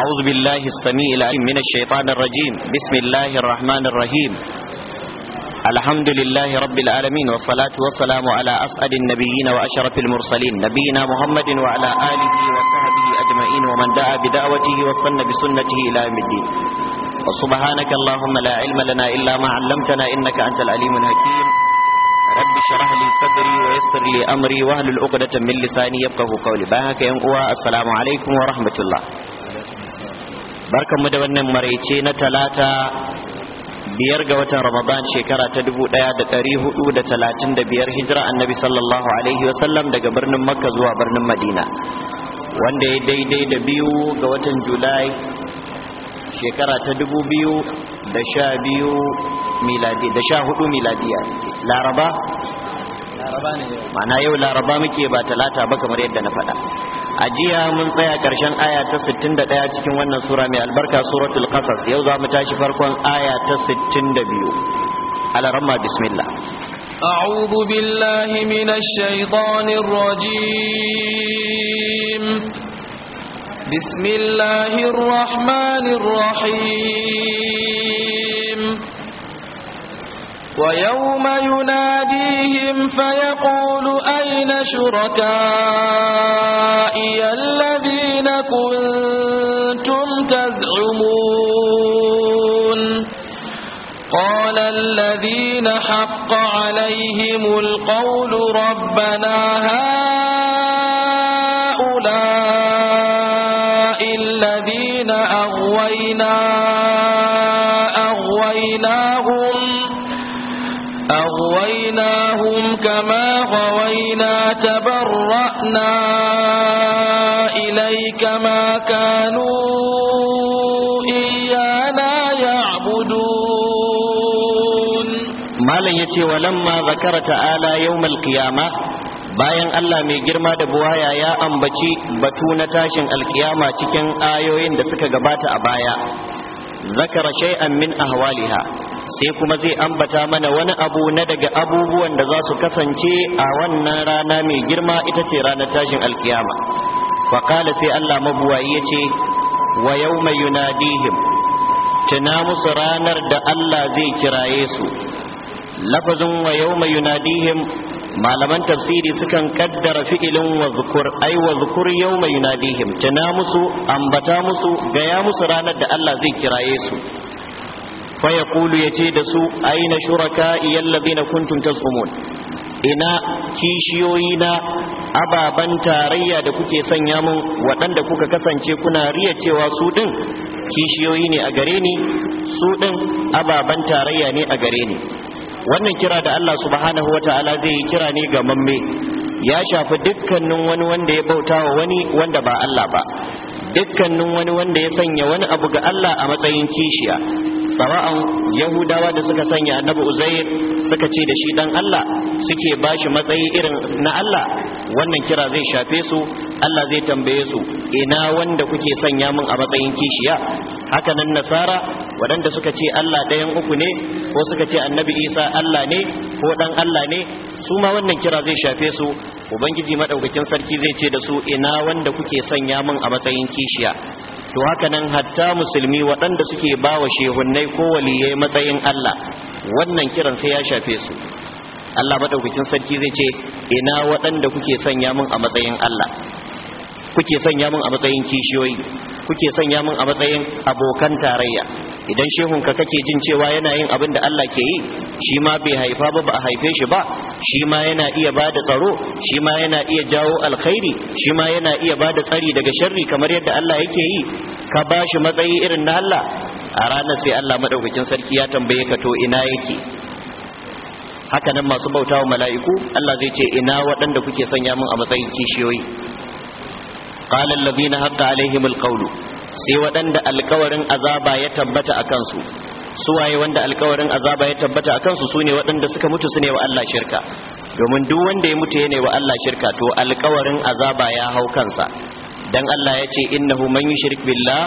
أعوذ بالله السميع العليم من الشيطان الرجيم بسم الله الرحمن الرحيم الحمد لله رب العالمين والصلاة والسلام على أسعد النبيين وأشرف المرسلين نبينا محمد وعلى آله وصحبه أجمعين ومن دعا بدعوته وصن بسنته إلى يوم الدين وسبحانك اللهم لا علم لنا إلا ما علمتنا إنك أنت العليم الحكيم رب اشرح لي صدري ويسر لي أمري واهل العقدة من لساني يفقه قولي باهك يا السلام عليكم ورحمة الله mu da wannan maraice na talata biyar ga watan ramadan shekara ta dubu ɗaya da ɗari hudu da talatin da biyar hijira annabi sallallahu alaihi wasallam daga birnin makka zuwa birnin madina wanda ya daidai da biyu ga watan julai shekara ta dubu biyu da sha biyu miladi da sha hudu miladiya laraba ma'ana yau laraba muke ba talata ba kamar yadda na faɗa a jiya mun tsaya ƙarshen aya ta 61 cikin wannan sura mai albarka suratul qasas yau za mu tashi farkon aya ta 62 alarama bismillah a'udhu billahi minash shaitanir rajim bismillahir rahmanir rahim ويوم يناديهم فيقول أين شركائي الذين كنتم تزعمون قال الذين حق عليهم القول ربنا هؤلاء الذين أغوينا أغويناهم كما غوينا تبرأنا إليك ما كانوا إيانا يعبدون ما يتي ولما ذكر تعالى يوم القيامة bayan Allah mai girma da buwaya ya ambaci batu na tashin alkiyama cikin ayoyin da suka gabata a baya zakara shay'an min ahwaliha sai kuma zai ambata mana wani abu na daga abubuwan da za su kasance a wannan rana mai girma ita ce ranar tashin alkiyama faƙala sai allah mabuwayi ya ce wa yau mai yunadihim tuna musu ranar da allah zai kiraye su lafazin wa yau mai yunadihim malaman tafsiri sukan kaddara fi'ilin wa zukur ai wa zukur yau mai yunadihim tuna musu ambata musu gaya musu ranar da allah zai kiraye su fa ya ce da su aina shuraka'i na kuntun tazumun ina kishiyoyi na ababan tarayya da kuke sanya mun waɗanda kuka kasance kuna riya cewa su ɗin kishiyoyi ne a gare ni su ɗin ababan tarayya ne a gare ni wannan kira da Allah subhanahu wa ta'ala zai yi kira ne ga mamme ya shafi dukkanin wani wanda ya bauta wa wani wanda ba Allah ba dukkanin wani wanda ya sanya wani abu ga Allah a matsayin kishiya sawa'an yahudawa da suka sanya annabi uzair suka ce da shi dan Allah suke bashi matsayi irin na Allah wannan kira zai shafe su Allah zai tambaye su ina wanda kuke sanya min a matsayin kishiya haka nan nasara waɗanda suka ce Allah ɗayan uku ne ko suka ce annabi isa Allah ne ko dan Allah ne su ma wannan kira zai shafe su ubangiji madaukakin sarki zai ce da su ina wanda kuke sanya min a matsayin kishiya to haka nan hatta musulmi waɗanda suke ba wa shehunnai ko waliyai matsayin Allah wannan kiran sai ya shafe su Allah madaukakin sarki zai ce ina waɗanda kuke sanya mun a matsayin Allah kuke sanya mun a matsayin kishiyoyi kuke sanya mun a matsayin abokan tarayya idan shehun ka kake jin cewa yana yin abin da Allah ke yi shi ma bai haifa ba ba a haife shi ba shi ma yana iya bada tsaro shi ma yana iya jawo alkhairi shi ma yana iya ba da tsari daga sharri kamar yadda Allah yake yi ka ba shi matsayi irin na Allah a ranar sai Allah madaukakin sarki ya tambaye ka to ina yake haka nan masu bauta wa mala'iku Allah zai ce ina waɗanda kuke sanya mun a matsayin kishiyoyi qala allazina haqqa alaihim alqawlu sai waɗanda alkawarin azaba ya tabbata a kansu suwaye wanda alkawarin azaba ya tabbata a kansu su ne waɗanda suka mutu su ne wa Allah shirka domin duk wanda ya mutu ya ne wa Allah shirka to alkawarin azaba ya hau kansa dan Allah ya ce innahu man yushrik billah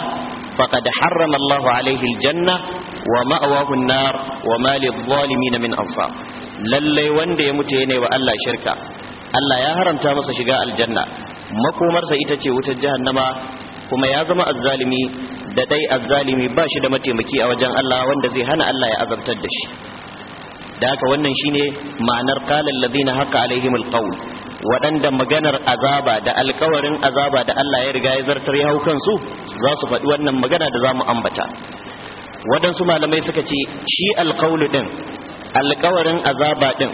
faqad harrama Allah alaihi aljanna wa ma'wahu an-nar wa ma lidh-dhalimin min ansar lalle wanda ya mutu ya ne wa Allah shirka Allah ya haramta masa shiga aljanna makomarsa ita ce wutar jahannama kuma ya zama azzalimi da dai azzalimi ba shi da mataimaki a wajen Allah wanda zai hana Allah ya azabtar da shi da haka wannan shine ma'anar qala allazina haqa alaihim alqawl waɗanda maganar azaba da alkawarin azaba da Allah ya riga ya zartar ya hau kansu za su faɗi wannan magana da za mu ambata waɗansu malamai suka ce shi alkaulu ɗin alkawarin azaba ɗin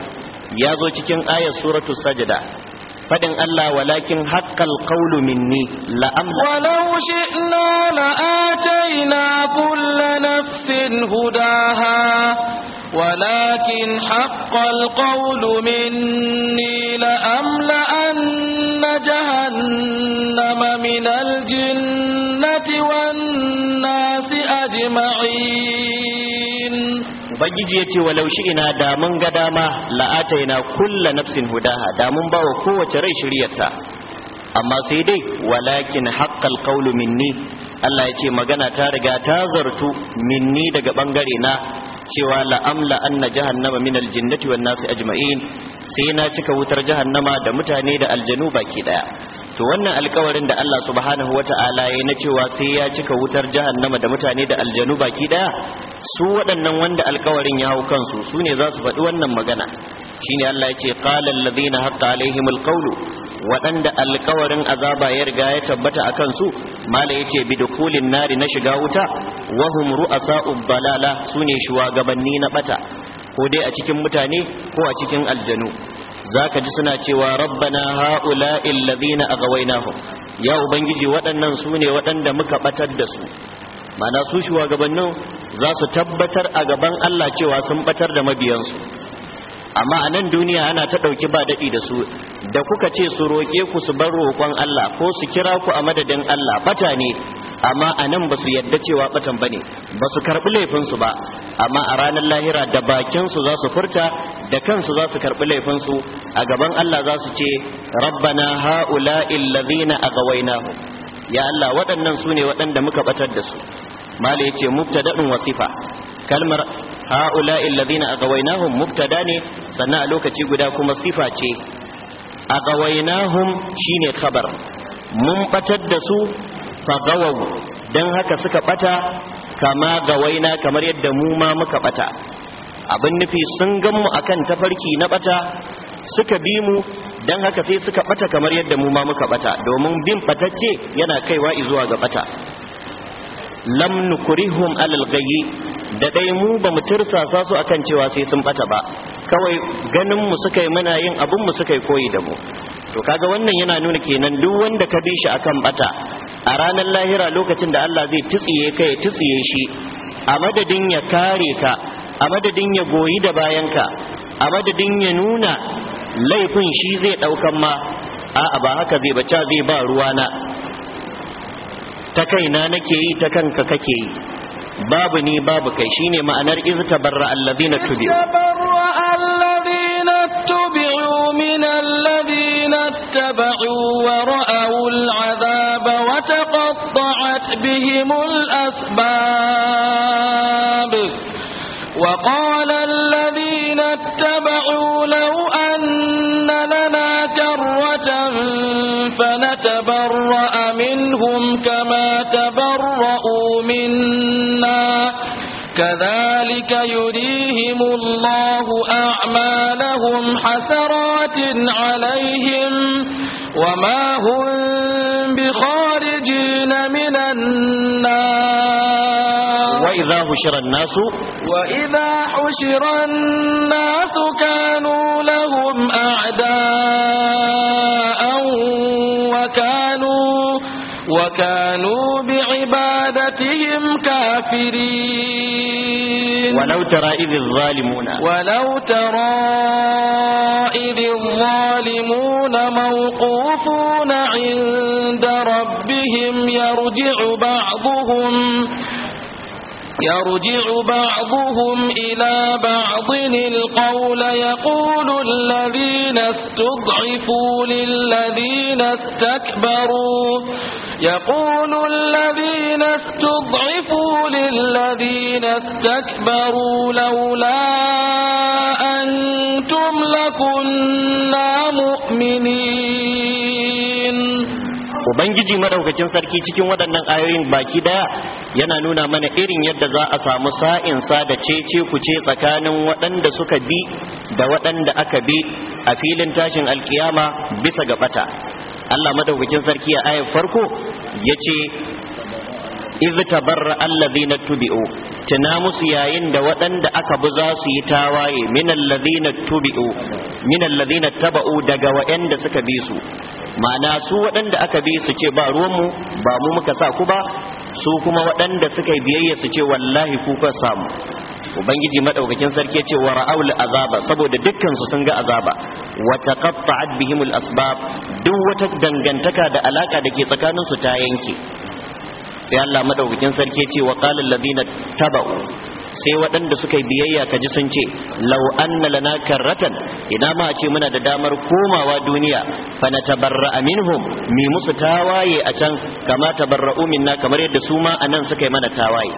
ya zo cikin ayar suratu sajda فدن الله ولكن حق القول مني لأم ولو شئنا لآتينا كل نفس هداها ولكن حق القول مني لأملأن جهنم من الجنة والناس أجمعين ubangiji ya ce shi ina da mun ga dama la'ataina kulla nafsin hudaha da mun bawa kowace rai shiryarta amma sai dai walakin haƙƙal kaulu minni Allah ce magana ta riga ta zartu minni daga ɓangare na cewa la'amla anna jahannama min aljinnati wan nasu ajma'in sai na cika wutar jahannama da mutane da aljanu baki daya to wannan alkawarin da Allah subhanahu wata'ala ya na cewa sai ya cika wutar jahannama da mutane da aljanu baki daya su waɗannan wanda alkawarin ya hau kansu su ne za su faɗi wannan magana shine Allah ya ce qala alladhina haqqa alaihim alqawlu waɗanda alkawarin azaba ya riga ya tabbata a kansu mala yace bidukulin nari na shiga wuta wa hum ru'asa'u balala sune shuwagabanni na bata ko dai a cikin mutane ko a cikin aljanu zaka ji suna cewa rabbana haula illazina agawainahum ya ubangiji waɗannan su ne waɗanda muka batar da su mana su shugabannin za su tabbatar a gaban Allah cewa sun batar da mabiyansu amma a nan duniya ana ta ɗauki ba daɗi da su da kuka ce su roƙe ku su bar roƙon Allah ko su kira ku a madadin Allah bata ne amma a nan ba su yadda cewa batan ba ba su karɓi laifinsu ba amma a ranar lahira da bakinsu za su furta da kansu za su karɓi laifinsu a gaban Allah za su ce rabbana ha'ula illazina aghawainahu ya Allah waɗannan su ne waɗanda muka batar da su mala yace mubtada'un wasifa kalmar ha'ula illazina agawainahum mubtada ne sannan a lokaci guda kuma sifa ce shi shine khabar mun batar da su fagawaw dan haka suka bata kama gawaina kamar yadda mu ma muka bata abin nufi sun ganmu a kan tafarki na bata suka bi mu dan haka sai suka bata kamar yadda mu ma muka bata domin bin batacce yana kaiwa zuwa ga bata lam nukurihum alal gayi da dai mu ba mu tirsasa su akan cewa sai sun bata ba kawai ganin mu suka yi muna yin abun mu suka yi koyi da mu to kaga wannan yana nuna kenan duk wanda ka bi shi akan bata a ranar lahira lokacin da Allah zai tsiye ka ya tsiye shi a madadin ya kare ka a madadin ya goyi da bayan ka a madadin ya nuna laifin shi zai daukan ma a'a ba haka zai baca zai ba ruwana ta kaina nake yi ta kanka kake yi babu ni babu kai shine ma'anar iz tabarra alladhina tubi'u tabarra alladhina tubi'u min alladhina tabau wa ra'u al'azaba wa taqatta'at bihim al'asbab wa qala alladhina tabau law anna مرة فنتبرأ منهم كما تبرأوا منا كذلك يريهم الله أعمالهم حسرات عليهم وما هم بخارجين من النار وإذا حشر الناس وإذا حشر الناس كانوا لهم أعداء وكانوا وكانوا بعبادتهم كافرين ولو ترى إذ الظالمون ولو ترى إذ الظالمون موقوفون عند ربهم يرجع بعضهم يرجع بعضهم إلى بعض القول يقول الذين استضعفوا للذين استكبروا يقول الذين استضعفوا للذين استكبروا لولا أنتم لكنا مؤمنين ubangiji madaukakin sarki cikin waɗannan ayoyin baki daya yana nuna mana irin yadda za a samu sa'insa da cece kuce tsakanin waɗanda suka bi da waɗanda aka bi a filin tashin alkiyama bisa ga bata Allah madaukakin sarki a ayar farko yace iz tabarra allazina tubi'u tuna musu yayin da waɗanda aka bi za su yi tawaye min allazina tubi'u min allazina taba'u daga waɗanda suka bi su ma'ana su waɗanda aka bi su ce ba ruwanmu ba mu muka sa ku ba su kuma waɗanda suka yi biyayya su ce wallahi kuka samu ubangiji madaukakin sarki ce wa ra'aul azaba saboda dukkan su sun ga azaba wa taqatta'at bihimul asbab duk wata dangantaka da alaka da ke tsakanin su ta yanke sai Allah madaukakin sarki ce wa qala alladhina taba'u sai waɗanda suka yi biyayya ka ji sun ce lau anna lana karratan idan ma a ce muna da damar komawa duniya fa natabarra minhum mi musu tawaye a can kama tabarra'u minna kamar yadda su ma anan suka yi mana tawaye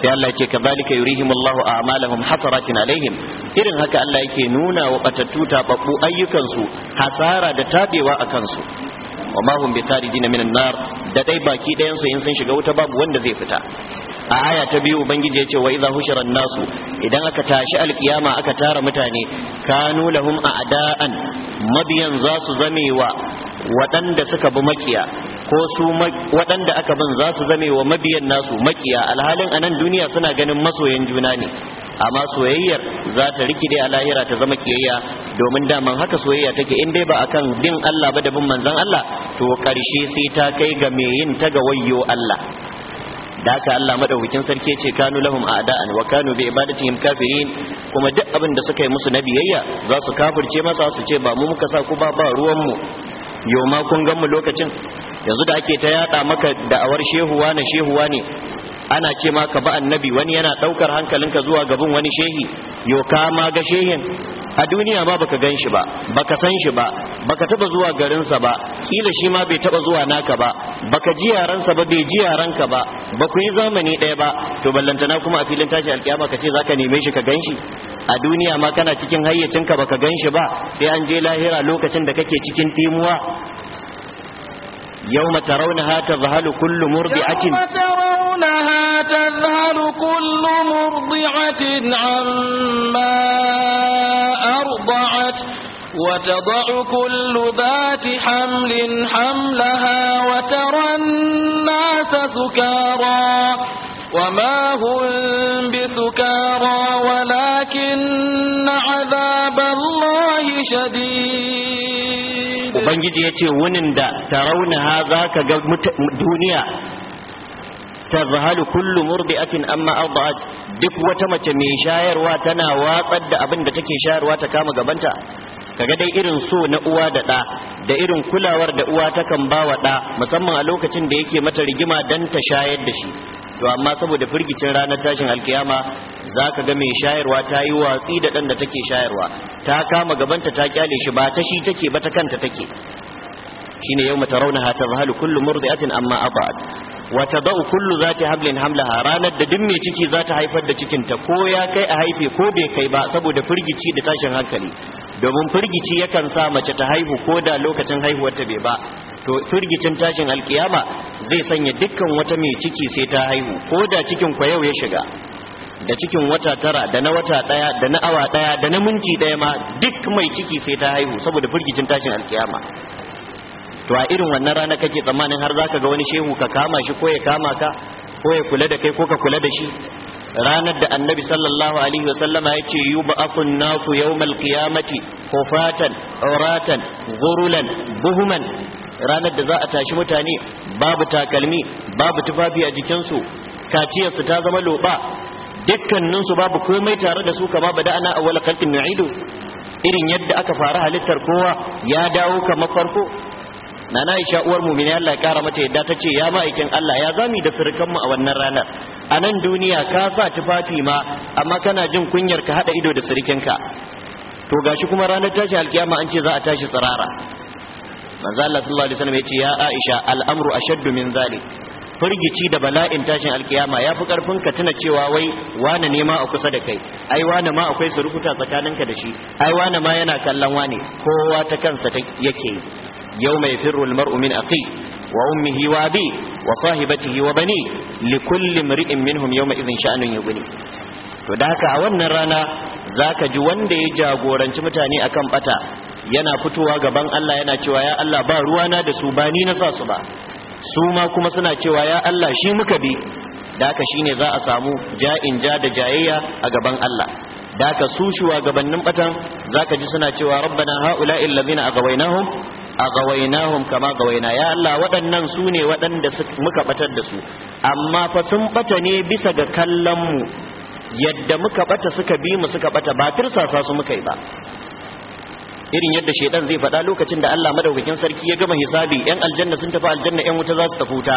sai Allah ce ka balika yurihim Allahu a'malahum hasaratin alaihim irin haka Allah yake nuna wa batattu tababbu ayyukansu hasara da tabewa a kansu wa ma hum bitarijin minan nar da dai baki dayan su in sun shiga wuta babu wanda zai fita a aya ta biyu ubangiji yace wa idza hushira nasu idan aka tashi alkiyama aka tara mutane kanu lahum a'da'an mabiyan za su zame wa waɗanda suka bi makiya ko su waɗanda aka bin za su zame mabiyan nasu makiya alhalin anan duniya suna ganin masoyan juna ne amma soyayyar za ta rikide a lahira ta zama kiyayya domin daman haka soyayya take in dai ba akan bin Allah ba da bin manzon Allah to karshe sai ta kai ga me yin ta ga wayyo Allah da haka Allah madaukakin sarki ce kanu lahum a'da'an wa kanu bi ibadatihim kafirin kuma duk abin da suka yi musu na biyayya za su kafirce masa su ce ba mu muka sa ku ba ba ruwan mu yau ma kun gan mu lokacin yanzu da ake ta yada maka da'awar shehuwa na shehuwa ne ana ce ma ka ba annabi wani yana daukar hankalinka zuwa gaban wani shehi yo ka ma ga shehin a duniya ma baka gan shi ba baka san shi ba baka taba zuwa garinsa ba kila shi ma bai taba zuwa naka ba baka ji yaransa ba bai ji yaranka ba ba ku yi zamani ɗaya ba to ballantana kuma a filin tashi alkiyama ka ce zaka neme shi ka gan shi a duniya ma kana cikin hayyacinka baka gan shi ba sai an je lahira lokacin da kake cikin timuwa يوم ترونها تذهل كل مرضعة يوم ترونها تذهل كل مرضعة عما أرضعت وتضع كل ذات حمل حملها وترى الناس سكارى وما هم بسكارى ولكن عذاب الله شديد ubangiji ya ce wunin da ta raunaha za ka ga duniya ta zahalu kullu akin amma arda'at duk wata mace mai shayarwa tana watsar da abin da take shayarwa ta kama gabanta kaga dai irin so na uwa da ɗa da irin kulawar da uwa ta kan ba wa ɗa musamman a lokacin da yake mata rigima dan ta shayar da shi to amma saboda firgicin ranar tashin alkiyama za ka ga mai shayarwa ta yi watsi da ɗan da take shayarwa ta kama gabanta ta kyale shi ba ta shi take ba ta kanta take shine yau mata rauna ha tazhalu kullu murdi'atin amma abad wata tadau kullu zati hablin hamlaha ranar da duk mai ciki za ta haifar da cikinta ko ya kai a haife ko bai kai ba saboda firgici da tashin hankali domin firgici yakan sa mace ta haihu ko da lokacin haihuwarta bai ba to firgicin tashin alkiyama zai sanya dukkan wata mai ciki sai ta haihu ko da cikin ku yau ya shiga da cikin wata tara da na wata daya da na awa daya da na minti daya ma duk mai ciki sai ta haihu saboda firgicin tashin alkiyama to a irin wannan rana kake tsammanin har zaka ga wani shehu ka kama shi ko ya kama ka ko ya kula da kai ko ka kula da shi ranar da annabi sallallahu alaihi wasallama ya ce yi ba'afun nasu yawmal qiyamati hufatan auratan gurulan buhuman ranar da za a tashi mutane babu takalmi babu tufafi a jikinsu kaciyarsu ta zama loba dukkaninsu babu komai tare da su kama bada ana awwala khalqin ido irin yadda aka fara halittar kowa ya dawo kamar farko Na isha uwar mu'mini Allah ya kara mata yadda tace ya ma'aikin Allah ya zami da surukan a wannan ranar a nan duniya ka sa tufafi ma amma kana jin kunyar ka hada ido da surukinka to gashi kuma ranar tashi alkiyama an ce za a tashi tsirara manzo Allah sallallahu alaihi wasallam yace ya Aisha al'amru ashaddu min zalik firgici da bala'in tashin alkiyama yafi karfin ka tuna cewa wai wane ne ma a kusa da kai ai wane ma akwai surukuta tsakaninka da shi ai wane ma yana kallon wane kowa ta kansa yake yau mai yafirru almar'u min aqi wa ummihi wa abi wa sahibatihi wa bani likulli imri'in minhum yawma idhin sha'nun yughni to da haka a wannan rana zaka ji wanda ya jagoranci mutane akan bata yana fitowa gaban Allah yana cewa ya Allah ba ruwana da su ba ni na sa su ba su ma kuma suna cewa ya Allah shi muka bi da haka shine za a samu ja'in ja da jayayya a gaban Allah da haka su shugabannin batan zaka ji suna cewa rabbana haula'i allazina agawainahum agawainahum kama gawaina ya Allah waɗannan su ne waɗanda muka batar da su amma fa sun bata ne bisa ga kallon mu yadda muka bata suka bi mu suka bata ba tirsasa su muka yi ba irin yadda shedan zai faɗa lokacin da Allah madaukakin sarki ya gama hisabi yan aljanna sun tafi aljanna yan wuta za su tafi wuta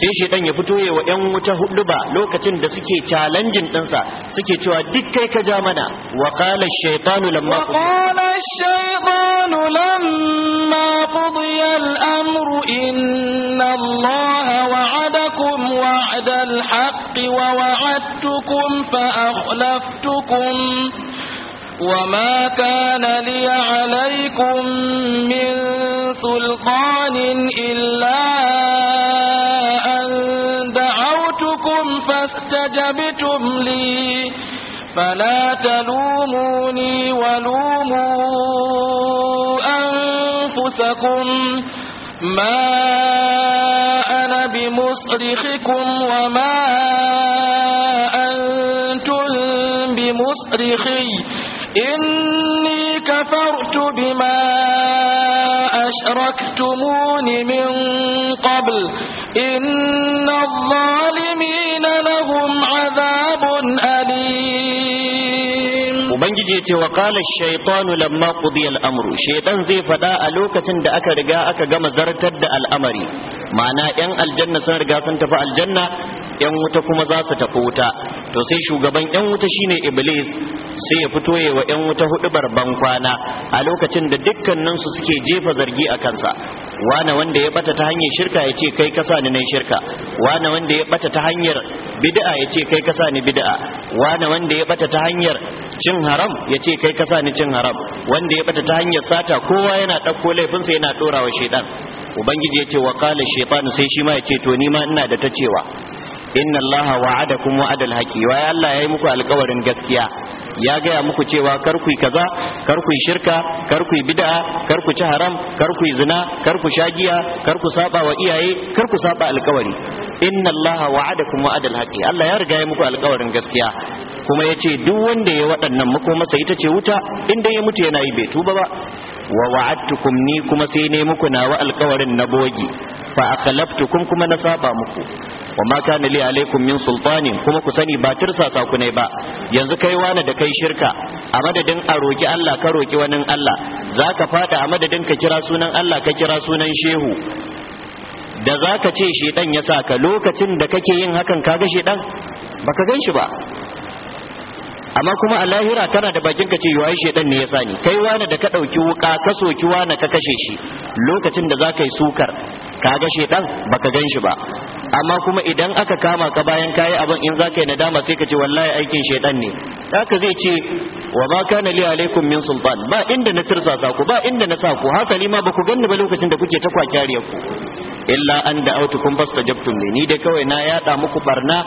sai shedan ya fito yawa yan wuta huduba lokacin da suke challenging dinsa suke cewa duk kai ka ja mana wa qala ash-shaytanu lamma wa qala ash-shaytanu lamma qudiya al-amru inna Allaha wa'adakum wa'da al-haqqi wa wa'adtukum fa akhlaftukum وما كان لي عليكم من سلطان إلا أن دعوتكم فاستجبتم لي فلا تلوموني ولوموا أنفسكم ما أنا بمصرخكم وما أنتم بمصرخي إني كفرت بما أشركتمون من قبل إن الظالمين لهم عذاب أليم ubangiji ya ce wa qala shaytanu lamma qudiya al-amru shaytan zai faɗa a lokacin da aka riga aka gama zartar da al'amari ma'ana yan aljanna sun riga sun tafi aljanna yan wuta kuma za su tafi wuta to sai shugaban yan wuta shine iblis sai ya fito yawa yan wuta hudu barban kwana a lokacin da dukkanin su suke jefa zargi a kansa wane wanda ya bata ta hanyar shirka ya ce kai kasa ni nan shirka wane wanda ya bata ta hanyar bid'a ya ce kai kasa ni bid'a wane wanda ya bata ta hanyar cin haram ya ce kai ka sani ni cin haram wanda ya bata ta hanyar sata kowa yana ɗauko laifinsa yana ɗorawa wa shaidan ubangiji ya ce wa kala shaitanu sai shi ma ya ce to ni ma ina da ta cewa inna allaha kuma wa'adal haqi wa ya Allah yi muku alkawarin gaskiya ya gaya muku cewa kar ku kaza kar ku shirka kar ku bid'a kar ku ci haram kar ku zina kar ku shagiya kar ku saba wa iyaye kar ku saba alƙawari inna allaha kuma wa'adal haƙi. Allah ya riga ya muku alkawarin gaskiya kuma ya ce duk wanda ya waɗannan muku masa ita ce wuta in dai ya mutu yana yi bai tuba ba wa wa'adtukum ni kuma sai ne muku nawa alkawarin na bogi fa akhlaftukum kuma na saba muku wa ma kana li alaikum min sultani kuma ku sani ba tirsasa ku ne ba yanzu kai wani da kai shirka a madadin a roki Allah ka roki wani Allah zaka fada a madadin ka kira sunan Allah ka kira sunan shehu da zaka ce shedan ya ka lokacin da kake yin hakan kaga shedan baka gan shi ba amma kuma a lahira kana da bakin ka ce wayi shedan ne ya sani kai wani da ka ɗauki wuka ka soki wani ka kashe shi lokacin da za ka yi sukar ka ga shedan baka gan shi ba amma kuma idan aka kama ka bayan kayi abin in za ka yi nadama sai ka ce wallahi aikin shedan ne haka zai ce wa ma kana li alaikum min sultan ba inda na tirsasa ku ba inda na sa ku hasali ma ku ganni ba lokacin da kuke ta kwakyariyar ku illa an da da'autukum jabtun ne ni dai kawai na yada muku barna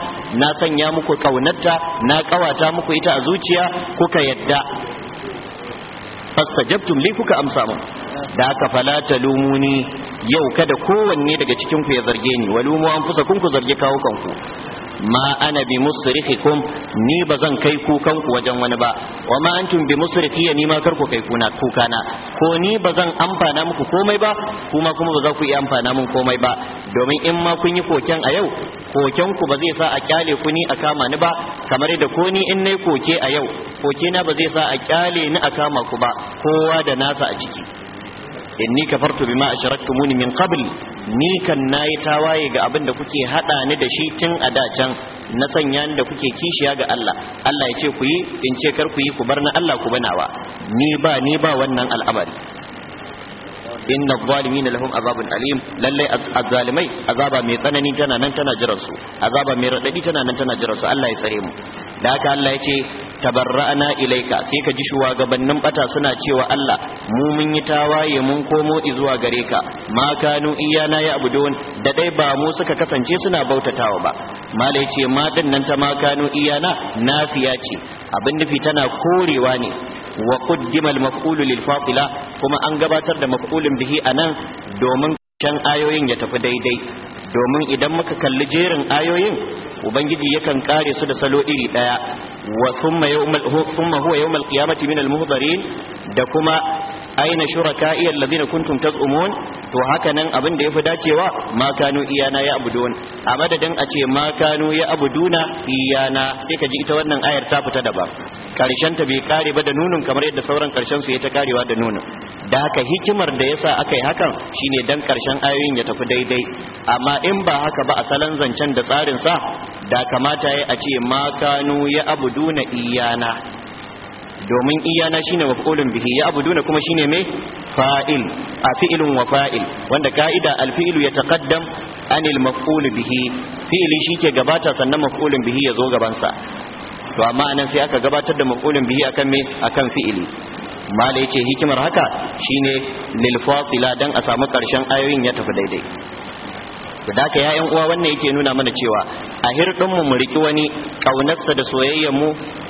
na sanya muku kaunarta na kawata muku ita a zuciya kuka yadda jabtun li kuka amsa mun da haka fala lumuni yau kada kowanne daga cikin ku ya zarge ni walumu an fusa kun ku zarge kawo kanku ma ana bi musrihikum ni ba kai kukanku kanku wajen wani ba wa ma antum bi musrihi ni ma kar ku kai kuna kukana ko ni ba zan amfana muku komai ba kuma kuma ba ku yi amfana mun komai ba domin in ma kun yi koken a yau koken ku ba zai sa a kyale ku ni a kama ni ba kamar da ko ni in nayi koke a yau koke na ba zai sa a kyale ni a kama ku ba kowa da nasa a ciki inni kafartu bima ashraktumuni min qabl ni kan nayi tawaye ga abin da kuke hada ni da shi tun a da can na sanya ni da kuke kishiya ga Allah Allah ya ce ku yi in ce kar ku yi ku bar na Allah ku banawa ni ba ni ba wannan al'amari inna zalimina lahum azabun alim lalle azzalimai azaba mai tsanani tana nan tana jiran su azaba mai radadi tana nan tana jiran su Allah ya tsare mu da haka Allah ya ce tabarra'ana ilaika sai ka ji shugabannin bata suna cewa Allah mu mun yi tawaye mun komo zuwa gare ka ma kanu iyana ya abudun da dai ba mu suka kasance suna bautatawa ba mala yace ma din ta ma kanu iyana nafiya ce abin nufi tana korewa ne wa quddimal al-maf'ulu lil fasila kuma an gabatar da maf'ulun bihi anan domin can ayoyin ya tafi daidai domin idan muka kalli jerin ayoyin ubangiji yakan kare su da salo iri daya wa thumma yawmal thumma huwa yawmal qiyamati min al da kuma aina shuraka'i alladhina kuntum taz'umun to haka nan abin da ya fi dacewa ma iyana ya abudun a madadin a ce ma kanu ya abuduna iyana sai ka ji ita wannan ayar ta fita daban karshen ta bai kare ba da nunun kamar yadda sauran karshen su ya ta karewa da nunun da haka hikimar da yasa aka yi hakan shine dan karshen ayoyin ya tafi daidai amma in ba haka ba a salon zancen da tsarin sa da kamata ya a ce ma kanu ya abuduna iyana domin iyana shine maf'ulun bihi ya abu duna kuma shine mai fa'il a fi'ilun wa fa'il wanda ka'ida alfi'ilu ya taqaddam anil maf'ul bihi fi'ili ke gabata sannan maf'ulun bihi ya zo gaban sa to amma anan sai aka gabatar da maf'ulun bihi akan me akan fi'ili mala yace hikimar haka shine lil fasila dan a samu karshen ayoyin ya tafi daidai to da haka ya'yan uwa wannan yake nuna mana cewa a hirdin mu mu riki wani kaunarsa da soyayyar mu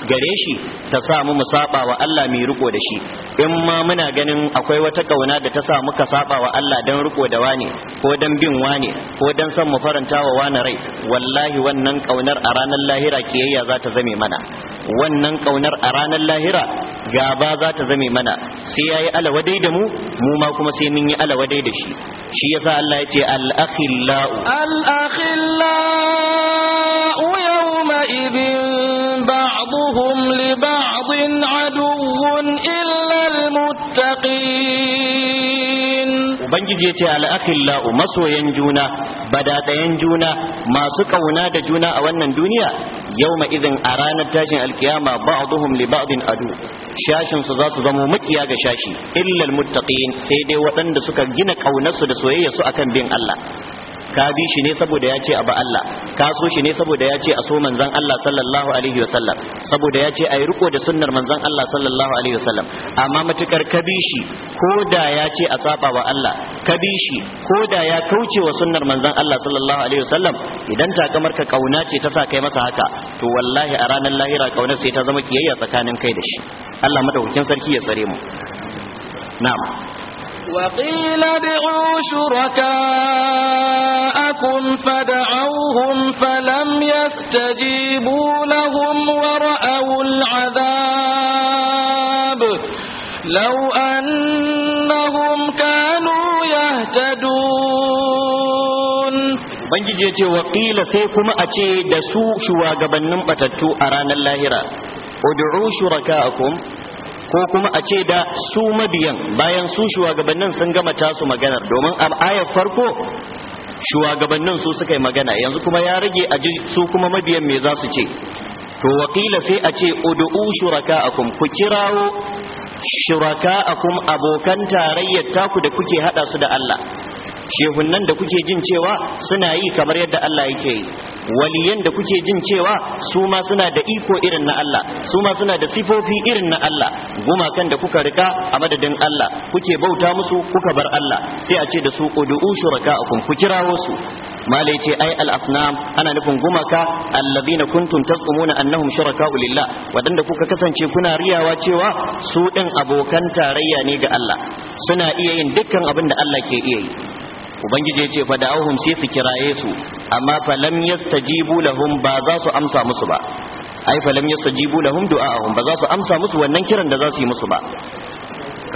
gare shi ta sa mu mu saba wa Allah mai riko da shi in ma muna ganin akwai wata kauna da ta sa muka saba wa Allah dan riko da wani ko dan bin wani ko dan san mu faranta wa wani rai wallahi wannan kaunar a ranar lahira kiyayya za ta zame mana wannan kaunar a ranar lahira gaba za ta zame mana sai yayi yi alawadai da mu mu ma kuma sai mun yi alawadai da shi shi yasa Allah ya ce al الأخلاء يومئذ بعضهم لبعض عدو إلا المتقين ubangiji ya ce al'akhillau masoyan juna badadayan juna masu ƙauna da juna a wannan duniya yau idin a ranar tashin alkiyama ba'dhum li ba'din adu shashin su zasu zamo makiya ga shashi illal muttaqin sai dai waɗanda suka gina ƙaunarsu da soyayya su akan bin Allah ka bi shi ne saboda ya ce ba Allah ka so shi ne saboda ya ce a so manzon Allah sallallahu alaihi wasallam saboda ya ce a yi riko da sunnar manzon Allah sallallahu alaihi wasallam amma matukar ka bi shi ko da ya ce a saba wa Allah ka bi shi ko da ya kauce wa sunnar manzon Allah sallallahu alaihi wasallam idan takamar ka kauna ce ta sa kai masa haka to wallahi a ranar lahira kaunar sai ta zama kiyayya tsakanin kai da shi Allah madaukakin sarki ya tsare mu na'am وقيل ادعوا شركاءكم فدعوهم فلم يستجيبوا لهم ورأوا العذاب لو أنهم كانوا يهتدون بنجي وقيل سيكم أتي دسو شواغبن نمتتو أران اللاهرة ادعوا شركاءكم ko kuma a ce da su mabiyan bayan su shugabannin sun gama tasu maganar domin a ayar farko shugabannin su suka yi magana yanzu kuma ya rage a ji su kuma mabiyan me za su ce to wakila sai a ce shuraka akum ku kirawo shuraka akum abokan tarayyar taku da kuke hada su da Allah shehunnan da kuke jin cewa suna yi kamar yadda Allah yake yi waliyan da kuke jin cewa su ma suna da iko irin na Allah su ma suna da sifofi irin na Allah gumakan da kuka rika a madadin Allah kuke bauta musu kuka bar Allah sai a ce da su ud'u shuraka'akum ku kirawo su mala yace ai al asnam ana nufin gumaka alladhina kuntum tasumuna annahum shuraka'u lillah wadanda kuka kasance kuna riyawa cewa su din abokan tarayya ne ga Allah suna iya yin dukkan abin da Allah ke iya yi ubangiji ya ce fa da'awhum sai su kiraye su amma fa lam yastajibu lahum ba za su amsa musu ba ai fa lam yastajibu lahum du'a'ahum ba za su amsa musu wannan kiran da za su yi musu ba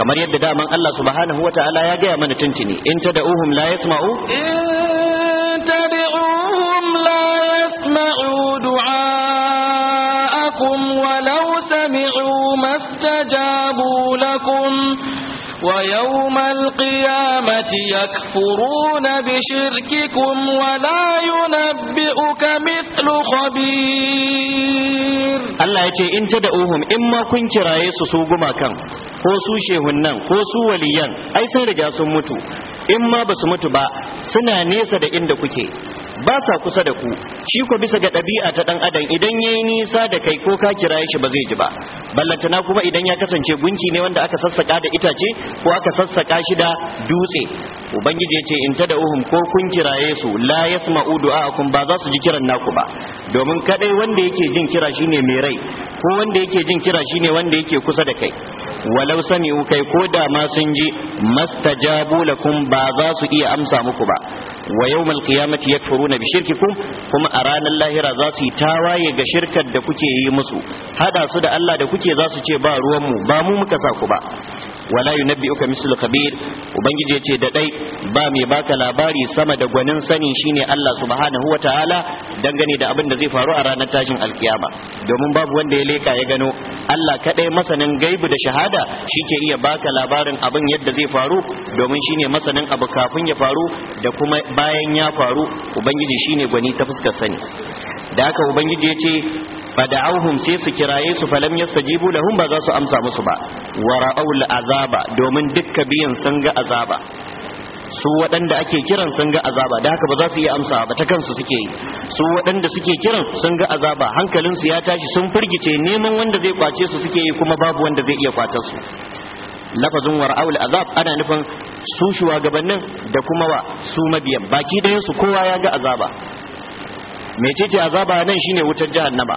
kamar yadda daman Allah subhanahu wata'ala ya gaya mana tuntuni in tad'uhum la yasma'u in tad'uhum la yasma'u du'a'akum walau sami'u mastajabu lakum ويوم القيامة يكفرون بشرككم ولا ينبئك مثل خبير Allah ya ce in ta da'uhum in ma kun kiraye su su gumakan ko su shehunnan, ko su waliyan ai sun riga sun mutu in ma ba su mutu ba suna nesa da inda kuke ba sa kusa da ku shi ko bisa ga ɗabi'a ta ɗan adam idan yayi nisa da kai ko ka kiraye shi ba zai ji ba ballantana kuma idan ya kasance gunki ne wanda aka sassaka da itace ko aka sassaka shi da dutse ubangiji ya ce in ta da uhum ko kun kiraye su la yasma'u du'a'akum ba za su ji kiran naku ba domin kadai wanda yake jin kira shine mai rai ko wanda yake jin kira shine wanda yake kusa da kai walau sami'u kai ko da ma sun ji mastajabu lakum ba za su iya amsa muku ba wa yawmal qiyamati yakfuruna bi shirkikum kuma a ranar lahira za su yi tawaye ga shirkar da kuke yi musu hada su da Allah da kuke za su ce ba ruwan mu ba mu muka sa ku ba wala uka mislu khabir ubangiji ce da dai ba mai baka labari sama da gwanin sani shine Allah subhanahu wataala dangane da abin da zai faru a ranar tashin alkiyama domin babu wanda ya leka ya gano Allah kadai masanin gaibu da shahada shike iya baka labarin abin yadda zai faru domin shine masanin abu kafin ya faru da kuma bayan ya faru ubangiji shine gwani ta fuskar sani da haka ubangiji ya ce fada'auhum sai su kiraye su falam yastajibu lahum ba za su amsa musu ba wa ra'aul azaba domin dukka biyan sun ga azaba su waɗanda ake kiran sun ga azaba da haka ba za su iya amsa ba ta kansu suke yi su waɗanda suke kiran sun ga azaba hankalinsu ya tashi sun firgice neman wanda zai kwace su suke yi kuma babu wanda zai iya kwace su lafazin wara'ul azab ana nufin su shuwagabannin da kuma wa su mabiyan baki ɗayan su kowa ya ga azaba mecece azaba nan shine wutar jahannama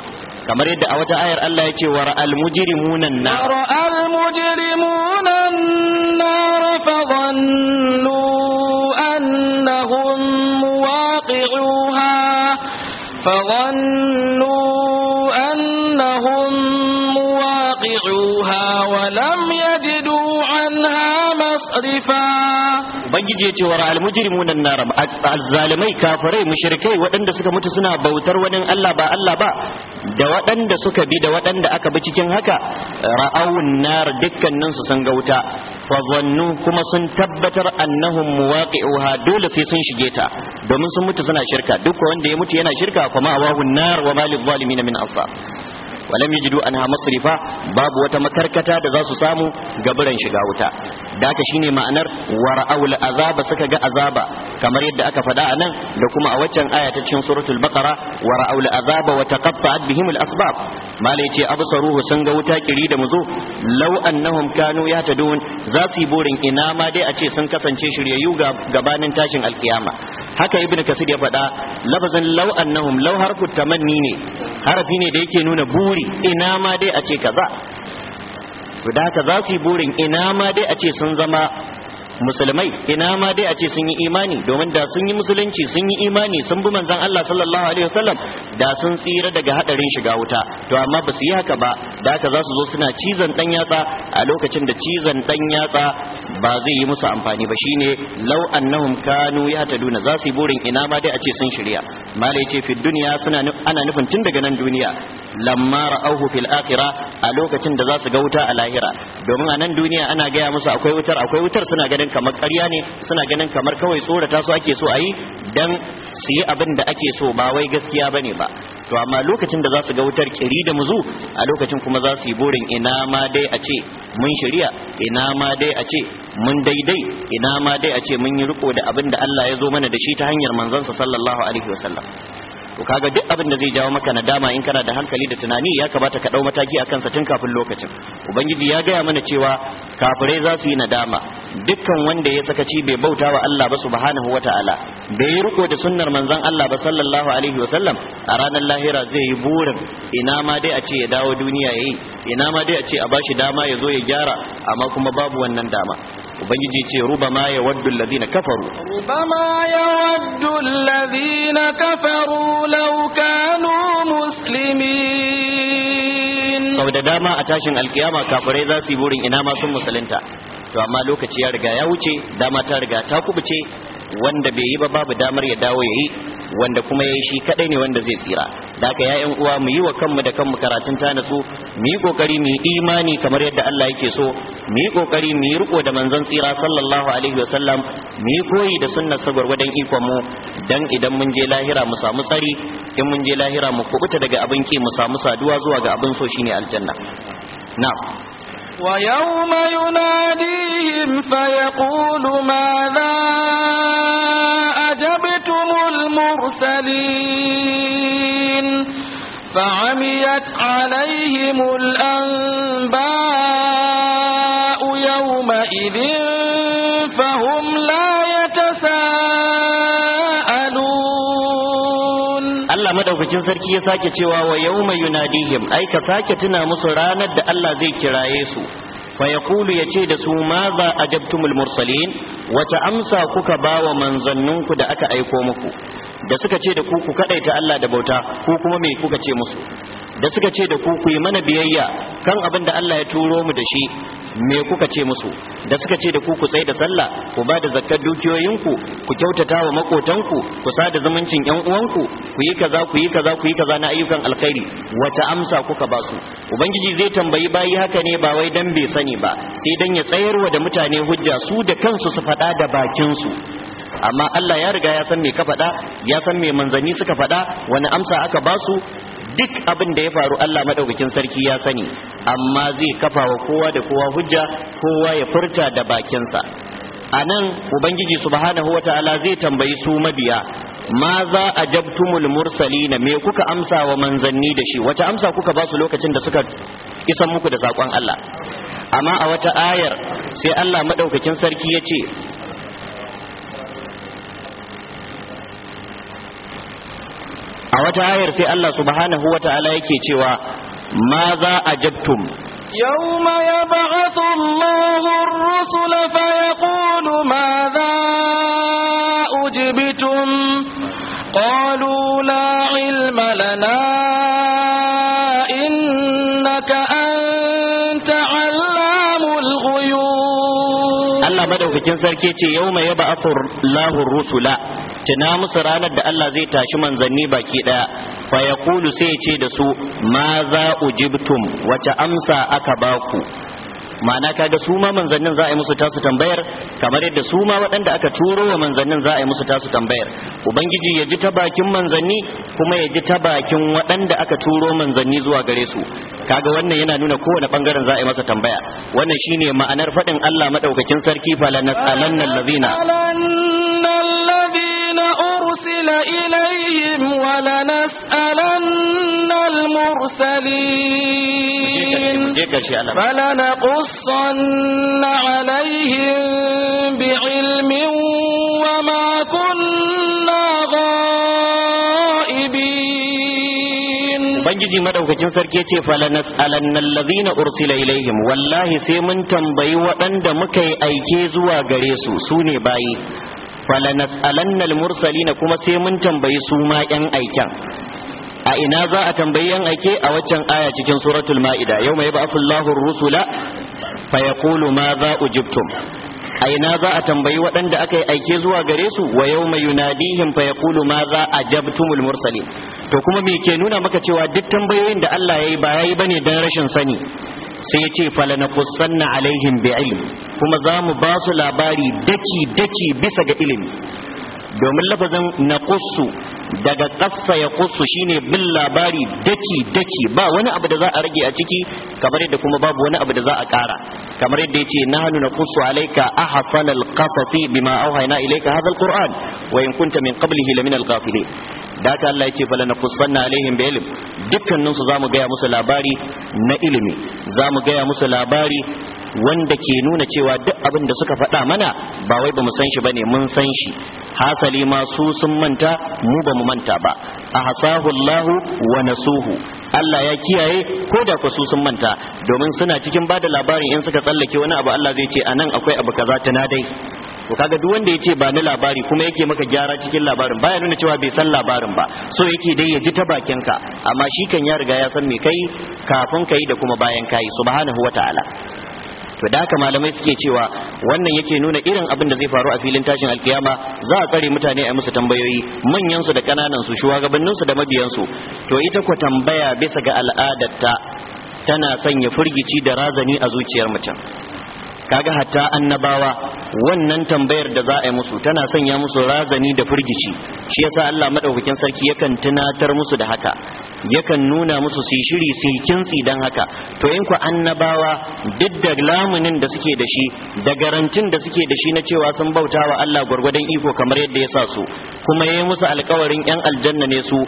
kamar yadda a wata ayar Allah yake wa ra'al mujrimuna nar ra'al mujrimuna nar fa dhannu annahum waqi'uha فظنوا أنهم مواقعوها ولم يجدوا عنها مصرفا ubangiji ya ce wa ra'al mujrimuna nar azzalimai kafirai mushrikai waɗanda suka mutu suna bautar wani Allah ba Allah ba da waɗanda suka bi da waɗanda aka bi cikin haka ra'awun nar dukkanin su sun gauta fa kuma sun tabbatar annahum muwaqi'uha dole sai sun shige ta domin sun mutu suna shirka duk wanda ya mutu yana shirka فمأواه النار وما للظالمين من أنصار walam yajidu anha masrifa babu wata makarkata da za su samu gaburan shiga wuta da haka shine ma'anar wara'ul azaba suka ga azaba kamar yadda aka faɗa a nan da kuma a waccan aya ta cikin suratul baqara wara'ul azaba wa taqatta'at bihim al asbab malai ce absaruhu sun ga wuta kiri da muzo law annahum kanu yahtadun za su yi burin ina ma dai a ce sun kasance shiryayyu gabanin tashin alkiyama haka ibnu kasir ya faɗa lafazin law annahum law harfu tamanni ne harafi ne da yake nuna buri ina ma dai a ce kaza da haka za su yi burin ina ma dai a ce sun zama musulmai ina ma dai a ce sun yi imani domin da sun yi musulunci sun yi imani sun bi manzon Allah sallallahu alaihi wasallam da sun tsira daga hadarin shiga wuta to amma ba su yi haka ba da haka za su zo suna cizon dan yatsa a lokacin da cizon dan yatsa ba zai yi musu amfani ba shine law annahum kanu yahtaduna za su yi burin ina ma dai a ce sun shirya mala yace fi duniya suna ana nufin tun daga nan duniya lamma ra'awhu fil akhirah a lokacin da za su ga wuta a lahira domin a nan duniya ana gaya musu akwai wutar akwai wutar suna ganin ganin kamar ƙarya ne suna ganin kamar kawai tsorata su ake so a yi dan su yi abin da ake so ba wai gaskiya bane ba to amma lokacin da za su ga wutar kiri da muzu a lokacin kuma za su yi burin ina ma dai a ce mun shirya ina ma dai a ce mun daidai ina ma dai a ce mun yi riko da abin da Allah ya zo mana da shi ta hanyar manzansa sallallahu alaihi wasallam to kaga duk abin da zai jawo maka nadama in kana da hankali da tunani ya kamata ka dau mataki akan sa tun kafin lokacin ubangiji ya gaya mana cewa kafirai za su yi nadama dukkan wanda ya saka ci bai bauta wa Allah ba subhanahu wataala bai yi riko da sunnar manzon Allah ba sallallahu alaihi wa sallam a ranar lahira zai yi burin ina ma dai a ce ya dawo duniya yayi ina ma dai a ce a bashi dama ya zo ya gyara amma kuma babu wannan dama ubangiji ce ruba ma ya waddu alladhina kafaru ruba ma ya waddu alladhina kafaru لو كانوا مسلمين da dama a tashin alkiyama kafirai za su yi burin ina ma sun musulunta to amma lokaci ya riga ya wuce dama ta riga ta kubuce wanda bai yi ba babu damar ya dawo ya yi wanda kuma ya yi shi kadai ne wanda zai tsira da haka ya'yan uwa mu yi wa kanmu da kanmu karatun ta natsu mu yi kokari mu yi imani kamar yadda Allah yake so mu yi kokari mu yi riko da manzon tsira sallallahu alaihi wa sallam mu yi koyi da sunnar sa gwargwadon ikon mu dan idan mun je lahira mu samu tsari in mun je lahira mu kubuta daga abin ki mu samu saduwa zuwa ga abin so shine aljanna Na. ويوم يناديهم فيقول ماذا أجبتم المرسلين فعميت عليهم الأنباء يومئذ madaukakin sarki ya sake cewa wa yawma yunadihim ai ka sake tuna musu ranar da Allah zai kiraye su fa ya ce da su ma za ajabtumul mursalin wata amsa kuka ba wa manzanninku da aka aiko muku da suka ce da ku ku kadaita Allah da bauta ku kuma me kuka ce musu da suka ce da ku ku yi mana biyayya kan abin da Allah ya turo mu da shi me kuka ce musu da suka ce da ku ku da sallah ku ba da zakkar dukiyoyinku ku kyautata wa makotanku ku sa da zumuncin yan uwanku ku yi kaza ku yi kaza ku yi kaza na ayyukan alkhairi wata amsa kuka ba su ubangiji zai tambayi bayi haka ne ba wai dan bai sani ba sai dan ya tsayarwa da mutane hujja su da kansu su faɗa da bakinsu. amma Allah ya riga ya san me ka faɗa ya san me manzanni suka faɗa wani amsa aka ba su duk abin da ya faru Allah madaukakin sarki ya sani amma zai kafa wa kowa da kowa hujja kowa ya furta da bakinsa a nan ubangiji subhanahu wata'ala ta'ala zai tambayi su mabiya ma za a jabtumul mursalina me kuka amsa wa manzanni da shi wata amsa kuka ba su lokacin da suka isan muku da sakon Allah amma a wata ayar sai Allah maɗaukakin sarki ya ce a wata ayar sai Allah subhanahu wata'ala ta'ala yake cewa ma za a jabtum يوم يبعث الله الرسل فيقول ماذا أجبتم قالوا لا علم لنا إنك أنت madaukakin sarki ce yau mai yaba afur lahur rusula tuna musu ranar da Allah zai tashi manzanni baki daya fa yaqulu sai ce da su ma za ujibtum wata amsa aka baku ma'ana kaga su ma manzannin za a yi musu tasu tambayar kamar yadda suma waɗanda aka turo wa manzannin za a yi musu tasu tambayar ubangiji ya ji ta bakin manzanni kuma ya ji ta bakin waɗanda aka turo manzanni zuwa gare su kaga wannan yana nuna kowane bangaren za a yi masa tambaya wannan shine ma'anar faɗin Allah madaukakin sarki fala nas'alanna allazina أرسل إليهم ولنسألن المرسلين je karshe Allah bala na qussanna alaihim bi ilmin wa ma kunna ghaibin bangiji madaukakin sarki yace fala nas'alanna allazina ursila ilaihim wallahi sai mun tambayi waɗanda muka yi aike zuwa gare su sune bayi fala nas'alannal mursalina kuma sai mun tambayi su ma yan aiken a ina za a tambayi yan aike a waccan aya cikin suratul ma'ida yau mai ba'afu Allahu rusula fa yaqulu ma za ujibtum a ina za a tambayi waɗanda aka yi aike zuwa gare su wa yau mai yunadihim fa yaqulu ma za ajabtumul mursalin to kuma me ke nuna maka cewa duk tambayoyin da Allah ya yi ba yayi bane dan rashin sani sai ya ce na alaihim bi ilmi kuma za mu ba su labari daki daki bisa ga ilimi domin lafazin naqussu daga ƙasa ya kusu shine bin labari daki daki ba wani abu da za a rage a ciki kamar yadda kuma babu wani abu da za a ƙara kamar yadda ya ce na a nahnu naqussu sai bi ma bima na ilaika hadha alquran wa in kunta min qablihi min alƙafile da ta Allah yace fala na alaihim bi ilm dukkanin su zamu gaya musu labari na ilimi zamu gaya musu labari wanda ke nuna cewa duk abin da suka faɗa mana ba wai ba mu san shi ba ne mun san shi hasali ma su sun manta mu ba mu manta ba a hasahu Allahu wa nasuhu Allah ya kiyaye ko da ku su sun manta domin suna cikin bada labarin in suka tsallake wani abu Allah zai ce nan akwai abu kaza tana dai ko kaga duk wanda yace ba ni labari kuma yake maka gyara cikin labarin baya nuna cewa bai san labarin ba so yake dai ya ji ta bakin ka amma shi kan ya riga ya san me kai kafin kai da kuma bayan kai subhanahu wataala to da haka malamai suke cewa wannan yake nuna irin abin da zai faru a filin tashin alkiyama za a tsare mutane a musu tambayoyi manyan su da kananan su shugabannin su da mabiyan su to ita kwa tambaya bisa ga al'adarta tana sanya firgici da razani a zuciyar mutum kaga hatta annabawa wannan tambayar da za a yi musu tana sanya musu razani da furgici shi yasa Allah madaukakin sarki yakan tunatar musu da haka yakan nuna musu su shiri su kintsi dan haka to in ku annabawa duk da lamunin da suke da shi da garantin da suke da shi na cewa sun bauta wa Allah gwargwadon iko kamar yadda ya sa su kuma yayi musu alƙawarin yan aljanna ne su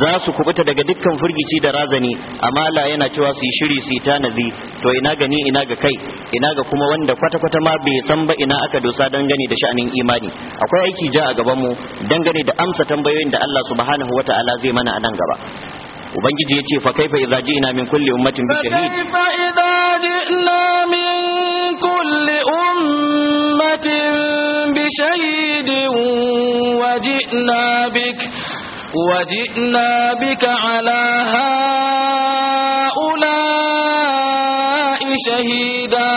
za su kubuta daga dukkan firgici da razani amma la yana cewa su yi shiri su yi tanadi to ina gani ina ga kai ina ga kuma wanda kwata kwata ma bai san ba ina aka dosa gani da sha'anin imani akwai aiki ja a gaban mu gani da amsa tambayoyin da Allah subhanahu wata'ala zai mana a nan gaba ubangiji yace fa kaifa idza ji'na min kulli ummatin bi shahid fa idza ji'na min kulli ummatin bi shahidin wa ji'na bik وجئنا بك على هؤلاء شهيدا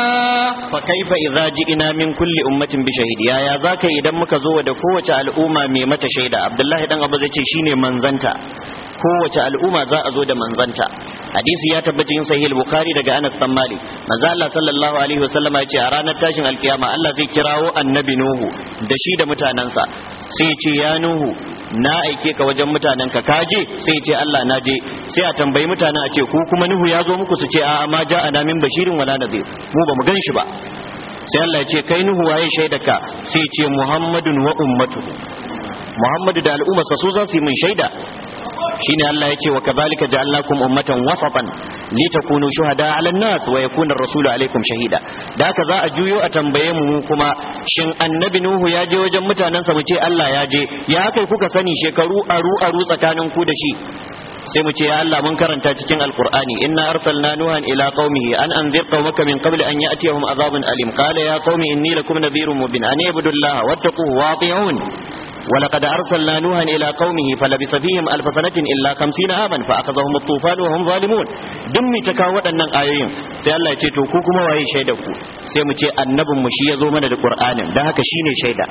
فكيف إذا جئنا من كل أمة بشهيد يا يا ذاك إذا muka zo da kowace al'umma mai mata shaida abdullahi dan abu zai ce shine manzanta kowace al'umma za a zo da manzanta hadisi ya tabbaci yin sahih bukhari daga anas dan malik manzo Allah sallallahu alaihi wasallam ya ce a ranar tashin alkiyama Allah zai kirawo annabi nuhu da shi da mutanansa sai ce ya nuhu na aike ka wajen mutanen ka kaje sai ce Allah na je sai a tambayi mutanen a ce ku kuma nuhu ya zo muku su ce a'a ma ja'ana min bashirin wala nadir mu ba mu gan shi ba sai Allah ya ce kai nuhu waye shaidaka sai ya ce muhammadun wa ummatuhu muhammadu da al'ummarsa su za su yi min shaida shine Allah ya ce wa kadhalika ja'alnakum ummatan wasatan litakunu shuhada 'ala an-nas wa yakuna ar-rasulu 'alaykum shahida da haka za a juyo a tambaye mu kuma shin annabi nuhu ya je wajen mutanansa mu ce Allah ya je ya kai kuka sani shekaru aru aru tsakanin ku da shi sai mu ce ya Allah mun karanta cikin alqur'ani inna arsalna nuhan ila qaumihi an anzir qaumaka min qabli an ya'tiyahum azabun alim qala ya qaumi inni lakum nadhirun mubin an ibudullaha wattaquhu wati'un ولقد أرسلنا نوحا إلى قومه فلبث فيهم ألف سنة إلا خمسين عاما فأخذهم الطوفان وهم ظالمون دم تكاوت أن ayoyin sai Allah ya ce to ku kuma waye shaida ku sai mu ce annabin mu shi ya zo mana da Qur'anin dan haka shine shaida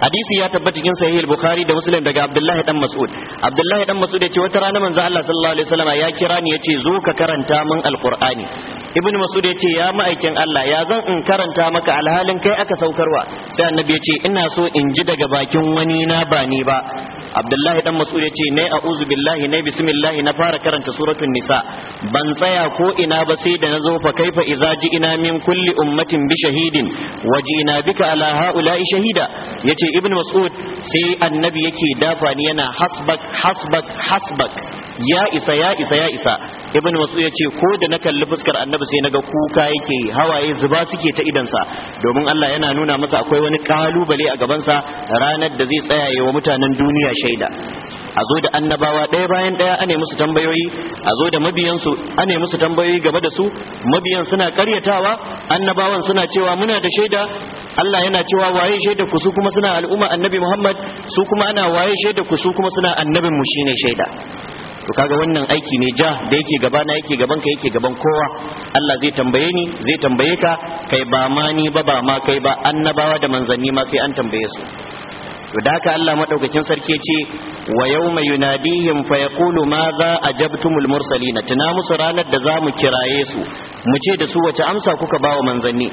hadisi ya tabbata cikin sahih bukhari da muslim daga abdullahi dan mas'ud abdullahi dan mas'ud yace wata rana manzo Allah sallallahu alaihi wasallam ya kira ni yace zo ka karanta min alqur'ani ibnu mas'ud yace ya ma'aikin Allah ya zan in karanta maka alhalin kai aka saukarwa sai annabi yace ina so in ji daga bakin wani na ba ni ba abdullahi dan mas'ud yace ne a'udhu billahi ne bismillah na fara karanta suratul nisa ban tsaya ko ina ba sai da nazo fa kaifa idza ina min kulli ummatin bi shahidin wajina bika ala ha'ula'i shahida yace ibn mas'ud sai annabi yake dafa ni yana hasbak hasbak hasbak ya isa ya isa ya isa ibn mas'ud yace ko da na kalli fuskar annabi sai naga kuka yake hawaye zuba suke ta sa domin Allah yana nuna masa akwai wani kalubale a gaban sa ranar da zai tsaya wa mutanen duniya shaida a zo da annabawa ɗaya bayan ɗaya ane musu tambayoyi a zo da mabiyansu ane musu tambayoyi game da su mabiyan suna karyatawa annabawan suna cewa muna da shaida Allah yana cewa waye shaida ku su kuma suna al'umma annabi muhammad su kuma ana waye shaida ku su kuma suna annabin mu shine shaida to kaga wannan aiki ne ja da yake gaba na yake gaban ka yake gaban kowa Allah zai tambaye ni zai tambaye ka kai ba ma ba ba ma kai ba annabawa da manzanni ma sai an tambaye su da haka Allah madaukakin sarki ce wa yawma yunadihim fa yaqulu ma za ajabtumul mursalin tuna musu ranar da za mu kiraye su mu ce da su wace amsa kuka ba wa manzanni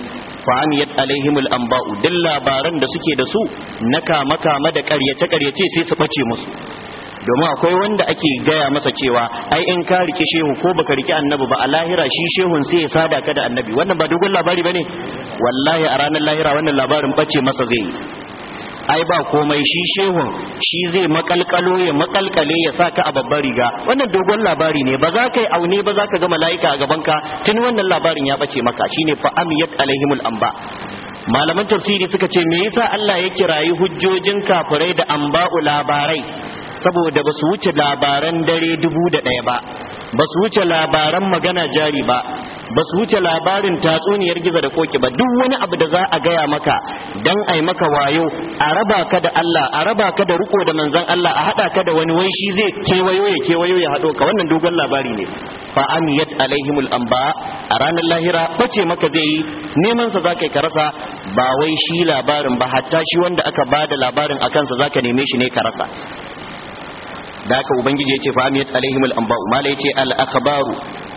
fa an amiyat alaihimul amba'u duk labaran da suke da su na kama kama da karyace karyace sai su bace musu domin akwai wanda ake gaya masa cewa ai in ka rike shehu ko baka rike annabi ba a lahira shi shehun sai ya sada ka da annabi wannan ba dogon labari bane wallahi a ranar lahira wannan labarin bace masa zai yi ai ba komai shi shehun shi zai makalkalo ya makalkale ya saka a babbar riga wannan dogon labari ne ba za ka yi aune ba za ka ga mala'ika a gaban ka tun wannan labarin ya bace maka shine fa amiyat alaihimul amba malaman tafsiri suka ce me yasa Allah ya kirayi hujjojin kafirai da amba'u labarai saboda ba su wuce labaran dare dubu da ɗaya ba ba su wuce labaran magana jari ba ba su wuce labarin tatsuniyar gizo da koki ba duk wani abu da za a gaya maka dan ai maka wayo a raba ka da Allah a raba ka da riko da manzon Allah a haɗa ka da wani wai shi zai kewayo ya kewayo ya hado ka wannan dogon labari ne fa amiyat alaihimul anba a ranar lahira bace maka zai yi neman sa zaka ka rasa ba wai shi labarin ba hatta shi wanda aka ba da labarin akan sa zaka neme shi ne ka rasa da haka ubangiji yace fa amiyat alaihim al anba'u mala yace al akhbaru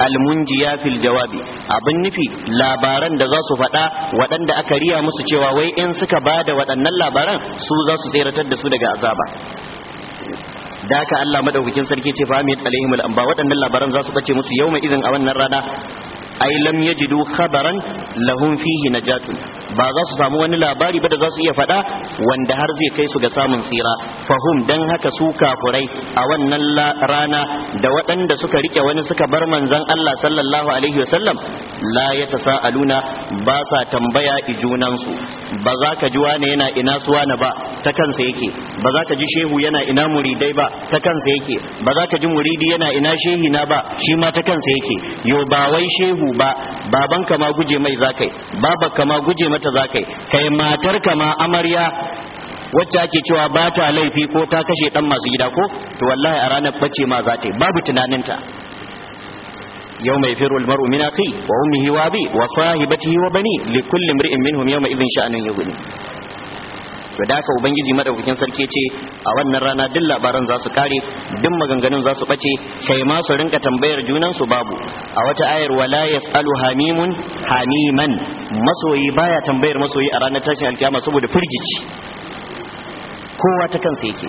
al munjiya fil jawabi abin nufi labaran da za su faɗa waɗanda aka riya musu cewa wai in suka bada waɗannan labaran su za su tseratar da su daga azaba da haka Allah madaukakin sarki ce fa amiyat alaihim al anba waɗannan labaran za su bace musu yawma idan a wannan rana ai lam yajidu khabaran lahum fihi najatun ba za su samu wani labari ba da za su iya faɗa wanda har zai kai su ga samun tsira fahum dan haka su kafurai a wannan rana da waɗanda suka rike wani suka bar manzon Allah sallallahu alaihi wasallam la yatasaaluna ba sa tambaya ijunan su ba za ka ji wane yana ina su suwana ba ta kansa yake ba za ka ji shehu yana ina muridai ba ta kansa yake ba za ka ji muridi yana ina shehi na ba shi ma ta kansa yake yo ba wai shehu ba baban ma guje mai zakai babar ma guje mata zakai kai matar ka ma amarya wacce ake cewa ba ta laifi ko ta kashe dan masu gida ko to wallahi a ranar bace ma za ta yi babu tunaninta يوم يفر المرء من أخيه وأمه وأبيه bani وبنيه imrin minhum yawma idhin شأن yughni to da haka ubangiji madaukakin sarki ce a wannan rana duk labaran za su kare duk maganganun za su bace kai ma su rinka tambayar junan su babu a wata ayar wala yasalu hamimun hamiman masoyi baya tambayar masoyi a ranar tashin alkiyama saboda firgici kowa ta kansa yake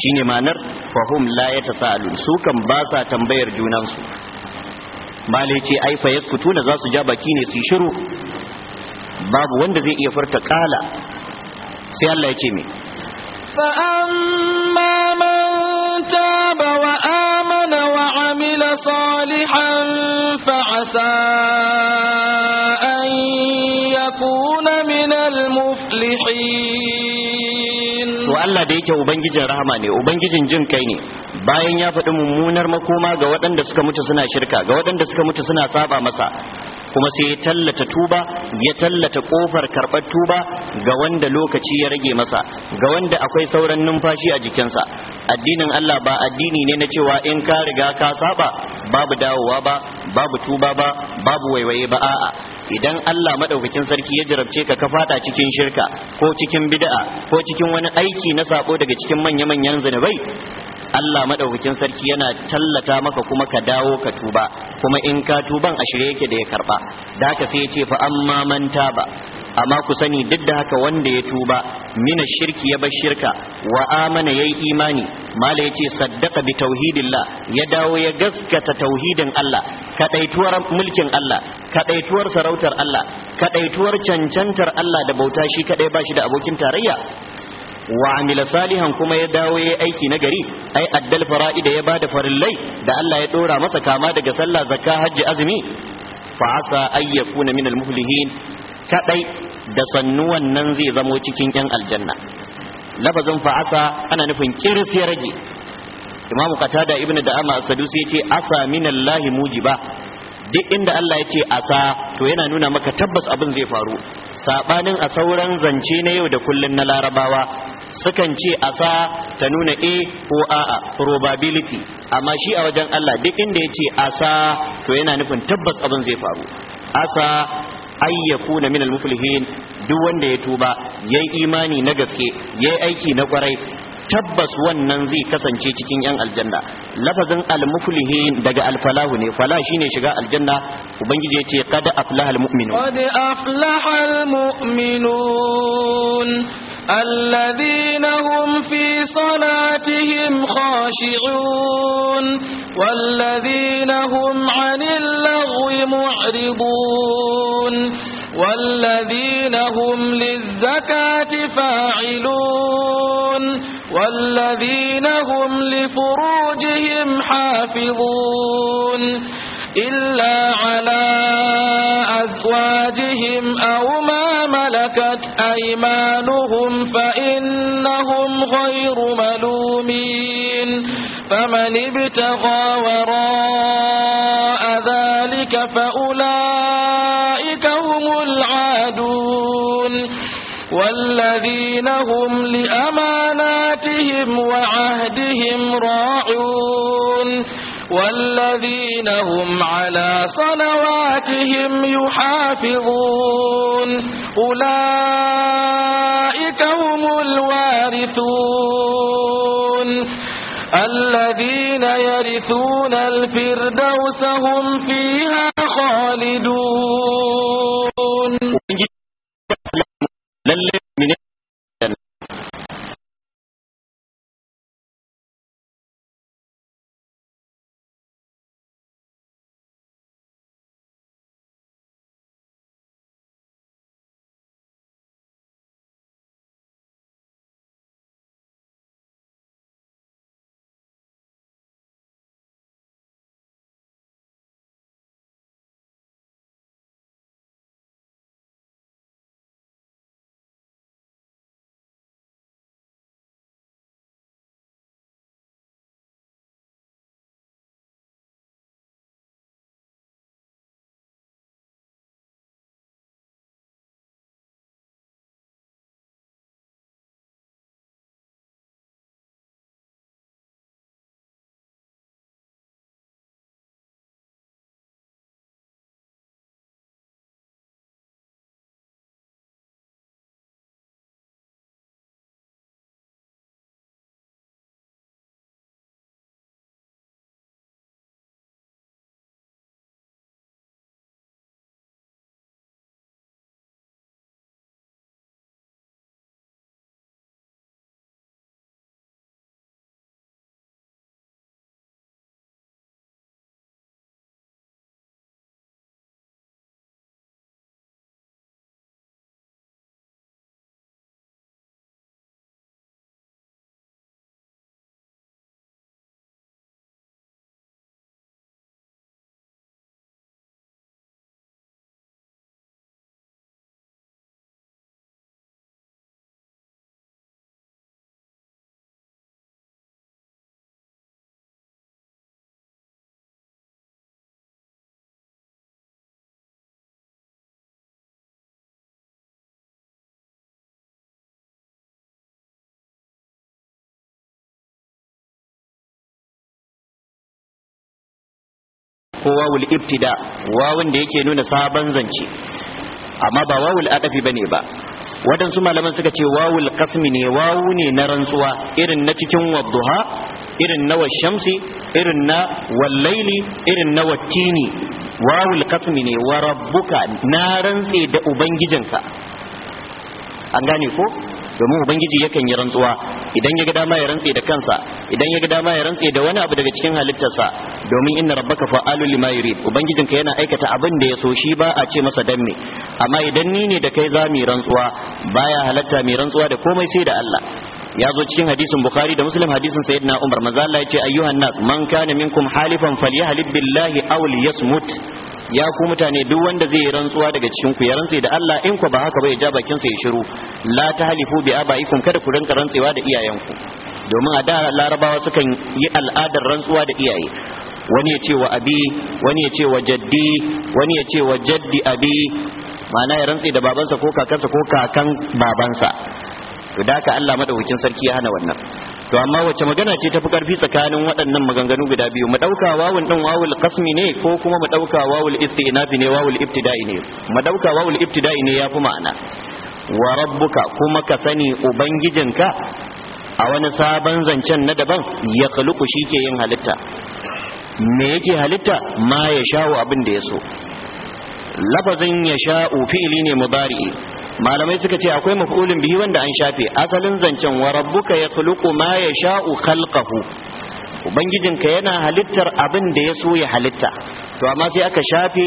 shine manar fahum la yatasalu su kan ba sa tambayar junansu malai ce ai fa yaskutuna za su ja baki ne su shiru babu wanda zai iya furta kala sai Allah ya ce me fa amma man taba wa amana wa amila salihan fa asa an yakuna min al to Allah da yake ubangijin rahama ne ubangijin jin kai ne bayan ya faɗi mummunar makoma ga waɗanda suka mutu suna shirka ga waɗanda suka mutu suna saba masa kuma sai ya tallata tuba ya tallata kofar karɓar tuba ga wanda lokaci ya rage masa ga wanda akwai sauran numfashi a jikinsa addinin Allah ba addini ne na cewa in ka riga ka saba babu dawowa ba babu tuba ba babu waiwaye ba a'a idan Allah madaukakin sarki ya jarabce ka ka fada cikin shirka ko cikin bid'a ko cikin wani aiki na sako daga cikin manya-manyan zanubai Allah madaukakin sarki yana tallata maka kuma ka dawo ka tuba kuma in ka tuban a shirye yake da ya karba da sai ya ce fa amma man taba amma ku sani duk da haka wanda ya tuba mina shirki ya bar shirka wa amana yayi imani mala yace saddaqa bi tauhidillah ya dawo ya gaskata tauhidin Allah kadaituwar mulkin Allah kadaituwar sarautar Allah kadaituwar cancantar Allah da bauta shi kadai bashi da abokin tarayya wa amila salihan kuma ya dawo ya aiki na gari ai addal fara'ida ya bada farillai da Allah ya dora masa kama daga sallah zakka hajji azumi fa asa ay min al-muflihin kadai da sannu wannan zai zamo cikin yan aljanna lafazin fa'asa ana nufin kiris ya rage imamu qatada ibnu da'ama as-sadusi yace asa minallahi mujiba duk inda Allah ya ce asa to yana nuna maka tabbas abin zai faru sabanin a sauran zance na yau da kullun na larabawa sukan ce asa ta nuna a eh ko a'a probability amma shi a wajen Allah duk inda ya ce asa to yana nufin tabbas abin zai faru asa ayyakuna minal muflihin duk wanda ya tuba yayi imani na gaske yayi aiki na kwarai tabbas wannan zai kasance cikin yan aljanna lafazin almuflihin daga alfalahu ne fala shine shiga aljanna ubangiji yace qad aflaha almu'minun qad aflaha الذين هم في صلاتهم خاشعون والذين هم عن اللغو معرضون والذين هم للزكاة فاعلون والذين هم لفروجهم حافظون إلا على أزواجهم أو ما ملكت أيمانهم فإنهم غير ملومين فمن ابتغى وراء ذلك فأولئك هم العادون والذين هم لأماناتهم وعهدهم راعون والذين هم على صلواتهم يحافظون أولئك هم الوارثون الذين يرثون الفردوس هم فيها خالدون ko wawul ibtida wawun da yake nuna sabon zance amma ba wawul adafi bane ba waɗansu malaman suka ce wawul kasmi ne wawu ne na rantsuwa irin na cikin wadduha irin na washamsi irin na wallaili irin na wattini wawul kasmi ne wa rabbuka na rantse da ubangijinka an gane ko domin ubangiji yakan yi rantsuwa idan ya ga dama ya rantse da kansa idan ya ga dama ya rantse da wani abu daga cikin halittarsa domin inna rabbaka fa'alul lima yurid ubangijinka yana aikata abin da ya so shi ba a ce masa danne amma idan ni ne da kai za mu rantsuwa baya halatta mai rantsuwa da komai sai da Allah ya zo cikin hadisin bukhari da muslim hadisin sayyidina umar manzo Allah yace ayyuhan nas man kana minkum halifan falyahlib billahi aw liyasmut ya ku mutane duk wanda zai rantsuwa daga cikin ku ya rantse da Allah in ku ba haka ba ya ja bakin sa ya shiru la tahlifu bi abaikum kada ku rinka rantsewa da iyayen ku. domin a da larabawa sukan yi al'adar rantsuwa da iyaye wani ya ce wa abi wani ya ce wa jaddi wani ya ce wa jaddi abi ma'ana ya rantse da babansa ko kakansa ko kakan babansa to da haka Allah madaukakin sarki ya hana wannan to amma wace magana ce tafi karfi tsakanin waɗannan maganganu guda biyu mu dauka wawul din wawul qasmi ne ko kuma mu dauka wawul istinafi ne wawul ibtida'i ne mu dauka wawul ibtida'i ne yafi ma'ana wa rabbuka kuma ka sani ubangijinka a wani sabon zancen na daban ya kaluku shi ke yin halitta me yake halitta ma ya sha'u abin da ya so lafazin ya sha'u fi'ili ne mubari'i malamai suka ce akwai maf'ulin bihi wanda an shafe asalin zancen wa rabbuka kuluku ma sha'u khalqahu ubangijinka yana halittar abin da ya so ya halitta to amma sai aka shafe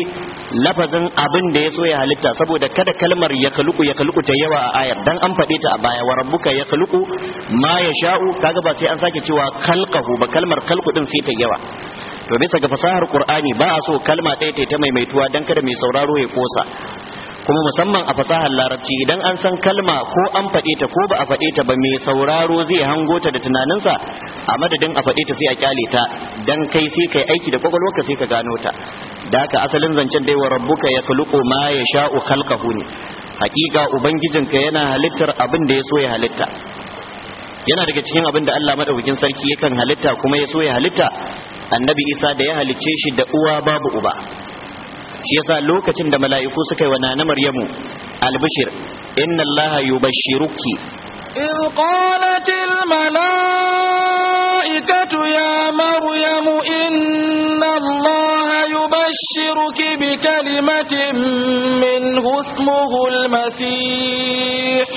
lafazin abin da ya so ya halitta saboda kada kalmar ya kuluku ya kuluku ta yawa a ayar dan an faɗe ta a baya wa rabbuka ya kuluku ma ya sha'u kaga ba sai an sake cewa kalqahu ba kalmar kalku din sai ta yawa to bisa ga fasahar qur'ani ba a so kalma ɗaya ta maimaituwa dan kada mai sauraro ya kosa kuma musamman a fasahar larabci idan an san kalma ko an faɗe ta ko ba a faɗe ta ba mai sauraro zai hango ta da tunaninsa a madadin a faɗe ta sai a kyale ta dan kai sai kai aiki da kwakwalwarka sai ka gano ta da haka asalin zancen dai wa rabbuka ya khuluqu ma ya sha'u khalqahu ne hakika ubangijinka yana halittar abin da ya so ya halitta yana daga cikin abin da Allah madaukakin sarki yakan halitta kuma ya so ya halitta annabi Isa da ya halicce shi da uwa babu uba shi yasa lokacin da mala'iku suka yi wa nana maryamu albishir inna Allah yubashshiruki إذ قالت الملائكة يا مريم إن الله يبشرك بكلمة منه اسمه المسيح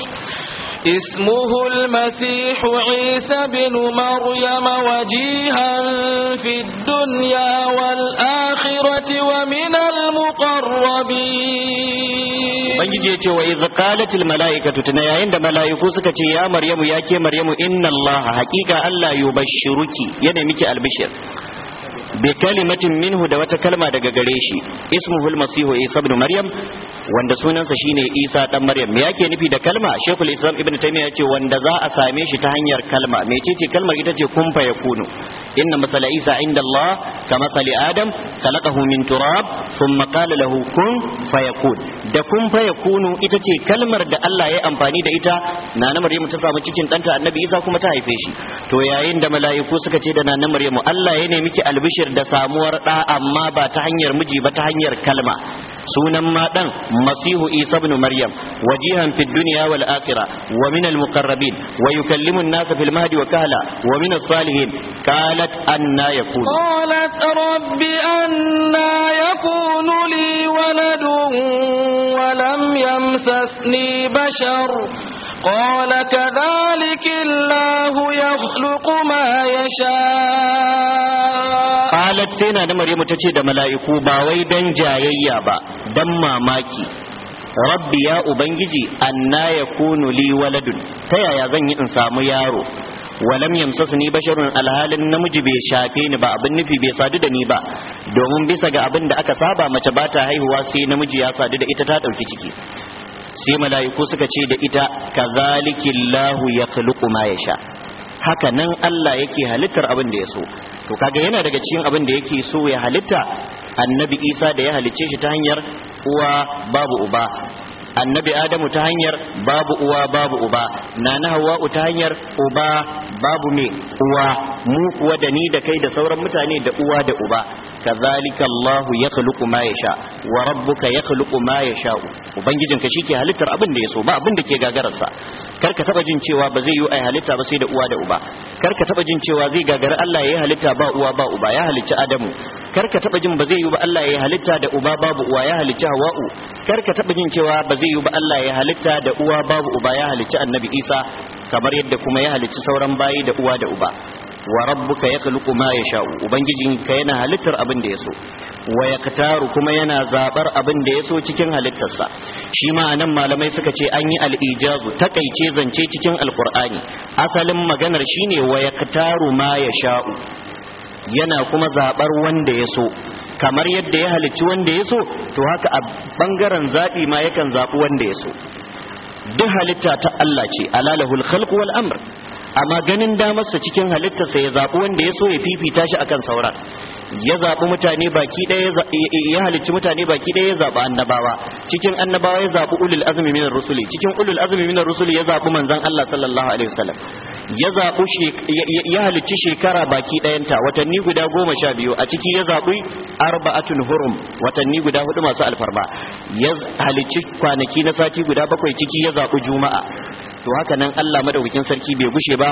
اسمه المسيح عيسى بن مريم وجيها في الدنيا والآخرة ومن المقربين من يجيك وإذ قالت الملائكة تنياين دم لا يكوسك يا مريم يا مريم إن الله حقيقة ألا يبشرك يعني ميك البشر bikalimatin minhu da wata kalma daga gare shi ismuhul masihu isa ibn maryam wanda sunansa shine isa dan maryam me yake nufi da kalma shekul islam ibn taymiya ce wanda za a same shi ta hanyar kalma mecece kalmar ita ce kun fa yakunu inna masala isa inda allah kama sali adam khalaqahu min turab thumma qala lahu kun fayakun da kun fayakunu ita ce kalmar da Allah ya amfani da ita na na Maryam ta samu cikin danta annabi Isa kuma ta haife shi to yayin da mala'iku suka ce da nanin maryamu Allah ya nemi ki albishir da samuwar da amma ba ta hanyar miji ba ta hanyar kalma sunan ma dan masihu isa ibn maryam wajihan fid dunya wal akhirah wa min al muqarrabin wa yukallimu an nas fil mahdi wa kahla wa min as salihin qalat anna yakun qalat rabbi anna yakun li waladun wa lam yamsasni bashar قال كذلك الله يخلق ما يشاء قالت سينا da مريم ce da mala'iku, ba wai dan jayayya ba, dan mamaki. rabbi ya ubangiji anna yakunu li waladun ta yaya zan yi in samu yaro walam yamsasu ni basharun alhalin namiji bai shafe ni ba abin nufi bai sadu da ni ba domin bisa ga abin da aka saba mace ba ta haihuwa sai namiji ya sadu da ita ta ɗauki ciki sai mala'iku suka ce da ita kazalikillahu yakhluqu ma sha. haka nan Allah yake halittar abin da ya so to kaga yana daga cikin abin da yake so ya halitta annabi Isa da ya halicce shi ta hanyar uwa babu uba annabi adamu ta hanyar babu uwa babu uba nana hawa'u ta hanyar uba babu me uwa mu kuwa da ni da kai da sauran mutane da uwa da uba kazalika allah yakhluqu ma yasha wa rabbuka yakhluqu ma yasha ubangijinka shike halittar abin da yaso ba abin da ke gagararsa ka taba jin cewa ba zai yi ai halitta ba sai da uwa da uba Kar ka taba jin cewa zai gagara Allah ya yi halitta ba uwa ba uba ya halicci Adamu Kar ka taba jin ba zai yi ba Allah ya yi halitta da uba babu uwa ya halicci Hawa'u ka taba jin cewa ba zai yi ba Allah ya halitta da uwa babu uba ya halicci annabi Isa kamar yadda kuma ya halicci sauran bayi da uwa da uba wa rabbuka yakhluqu ma yasha'u ka yana halittar abin da yaso wa yaktaru kuma yana zabar abin da yaso cikin halittarsa shi ma anan malamai suka ce an yi al-ijazu takaice zance cikin alqur'ani asalin maganar shine wa yaktaru ma yasha'u yana kuma zabar wanda yaso kamar yadda ya halicci wanda ya so to haka a bangaren zaɓi ma yakan zaɓi wanda ya so duk halitta ta Allah ce alalahul khalq wal amr amma ganin damarsa cikin halittarsa ya zaɓi wanda ya so ya fifita shi akan sauran ya zaɓi mutane baki ɗaya ya halicci mutane baki ɗaya ya zaɓi annabawa cikin annabawa ya zaɓi ulul azumi minar rusuli cikin ulul azumi minar rusuli ya zaɓi manzon Allah sallallahu alaihi wasallam ya zaɓi ya halicci shekara baki ɗayanta watanni guda goma sha biyu a ciki ya zaɓi arba'atun hurum watanni guda hudu masu alfarba ya halicci kwanaki na sati guda bakwai ciki ya zaɓi juma'a to haka nan Allah madaukakin sarki bai gushe ba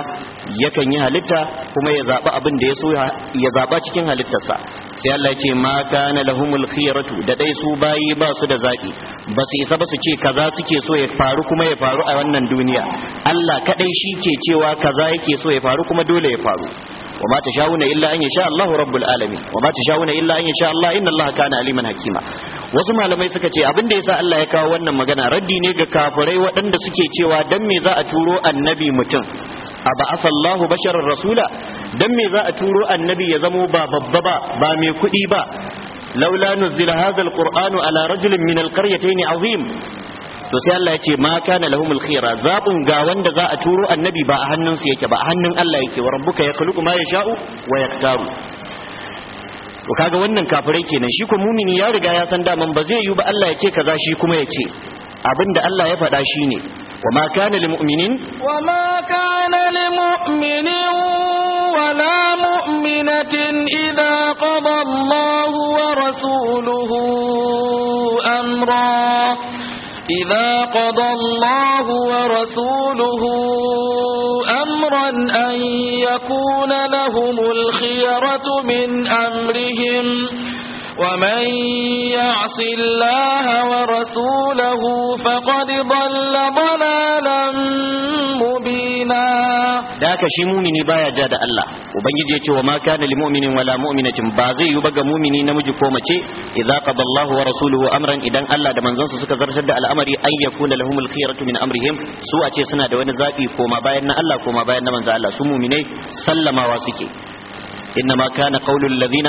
yakan yi halitta kuma ya zaba abin da ya so ya zaba cikin halittarsa sai Allah ya ce ma kana lahumul khiyaratu da dai su bayi ba su da zabi ba su isa ba su ce kaza suke so ya faru kuma ya faru a wannan duniya Allah kadai shi ke cewa kaza yake so ya faru kuma dole ya faru وما تشاؤون إلا أن يشاء الله رب العالمين وما تشاؤون إلا أن يشاء الله إن الله كان عليما حكيما wasu malamai suka ce abin da yasa Allah ya kawo wannan magana raddi ne ga kafirai waɗanda suke cewa dan me za a turo annabi mutum a ba'atha Allahu basharar rasula dan me za a turo annabi ya zamo ba babba ba ba mai kuɗi ba laula nuzila hadha alqur'anu ala rajulin min alqaryatayn azim to sai Allah ya ce ma kana lahumul khira zabun ga wanda za a turo annabi ba a hannunsu yake ba a hannun Allah yake wa rabbuka yakhluqu ma yasha'u wa yaktaru to kaga wannan kafirai kenan shi ko mumini ya riga ya san daman ba zai yi ba Allah yake kaza shi kuma yace abinda Allah ya faɗa shine wama kana lil mu'minin wama kana lil mu'minin wala mu'minatin idza qada Allahu wa rasuluhu amra إذا قضى الله ورسوله أمرا أن يكون لهم الخيرة من أمرهم ومن يعص الله ورسوله فقد ضل ضلالا مبينا da haka shi mumini baya ja da Allah ubangiji ya wa ma kana lil mu'minin wala mu'minatin ba zai yi ba ga mumini namiji ko mace idza qada wa rasuluhu amran idan Allah da manzon suka zartar da al'amari an yakuna lahumul khiyaratu min amrihim su a ce suna da wani zabi koma bayan na Allah koma bayan na manzon Allah su muminai sallamawa suke إنما كان قول الذين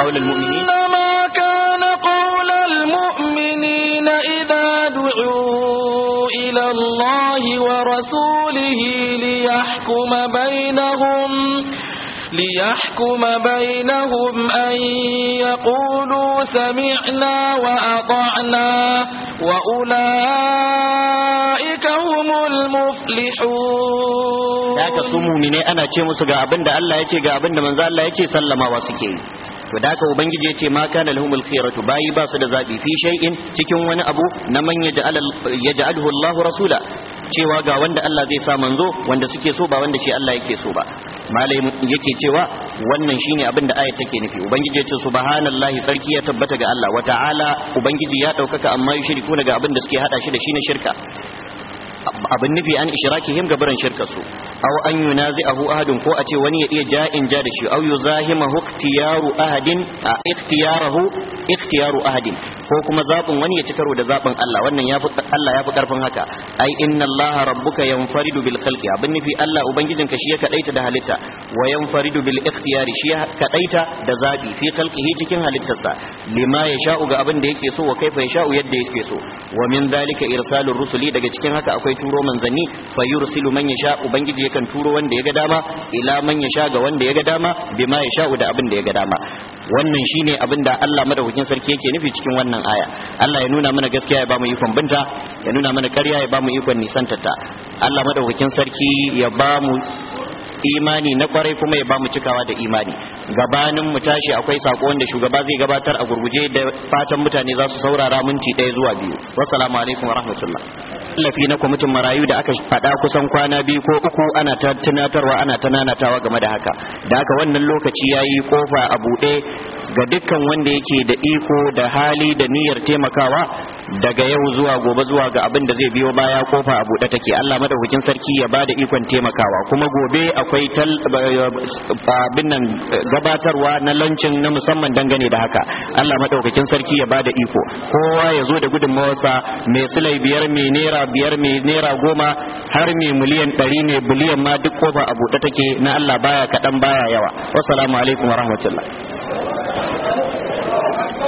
قول المؤمنين إنما كان قول المؤمنين إذا دعوا إلى الله ورسوله ليحكم بينهم ليحكم بينهم أن يقولوا سمعنا وأطعنا وأولئك هم المفلحون haka su mumine ana ce musu ga abin da Allah ya ga abin da manzo sallamawa suke yi to da haka ubangiji yace ma kana lahumul khiyaratu bayi ba su da zabi fi shay'in cikin wani abu na man yaj'alhu Allahu rasula cewa ga wanda Allah zai sa manzo wanda suke so ba wanda shi Allah yake so ba malai yake cewa wannan shine abin da ayat take nufi ubangiji yace subhanallahi sarki ya tabbata ga Allah wa ta'ala ubangiji ya daukaka amma yushrikuna ga abin da suke hada shi da shi na shirka abin nufi an ishrakihim gabaran shirkasu aw an ahu ahadun ko a ce wani ya iya ja in ja da shi aw yuzahimahu ikhtiyaru ahadin ihtiyarahu ikhtiyaru ahadin ko kuma zaɓin wani ya ci karo da zabin Allah wannan yafi Allah fi karfin haka ai inna Allah rabbuka yanfaridu bil khalqi abin nufi Allah ubangijinka shi ya kadaita da halitta wa yanfaridu bil ikhtiyari shi ya kadaita da zabi fi khalqihi cikin halittarsa lima sha'u ga abin da yake so wa kaifa sha'u yadda yake so wa min dalika irsalur rusuli daga cikin haka akwai turo manzanni fa yursilu man yasha ubangiji yakan turo wanda ya ga dama ila man yasha ga wanda ya ga dama bima sha'u da abin da ya ga dama wannan shine abin da Allah madaukakin sarki yake nufi cikin wannan aya Allah ya nuna mana gaskiya ya ba mu ikon binta ya nuna mana ƙarya ya ba mu ikon nisantarta Allah madaukakin sarki ya ba mu imani na kwarai kuma ya ba mu cikawa da imani gabanin mu tashi akwai sako wanda shugaba zai gabatar a gurguje da fatan mutane za su saurara minti ɗaya zuwa biyu wassalamu alaikum warahmatullah tallafi na kwamitin marayu da aka faɗa kusan kwana biyu ko uku ana ta tunatarwa ana ta nanatawa game da haka da haka wannan lokaci ya yi kofa a buɗe ga dukkan wanda yake da iko da hali da niyyar taimakawa daga yau zuwa gobe zuwa ga abin da zai biyo baya kofa a buɗe take Allah madaukakin sarki ya bada ikon taimakawa kuma gobe a akwai abin nan gabatarwa na lancin na musamman dangane da haka Allah madaukakin sarki ya bada iko kowa ya zo da gudunmawarsa mai silai biyar mai naira biyar mai naira goma har mai miliyan ɗari mai biliyan ma duk kofa a buɗe take na Allah baya kaɗan baya yawa wasu alaikum wa rahmatullah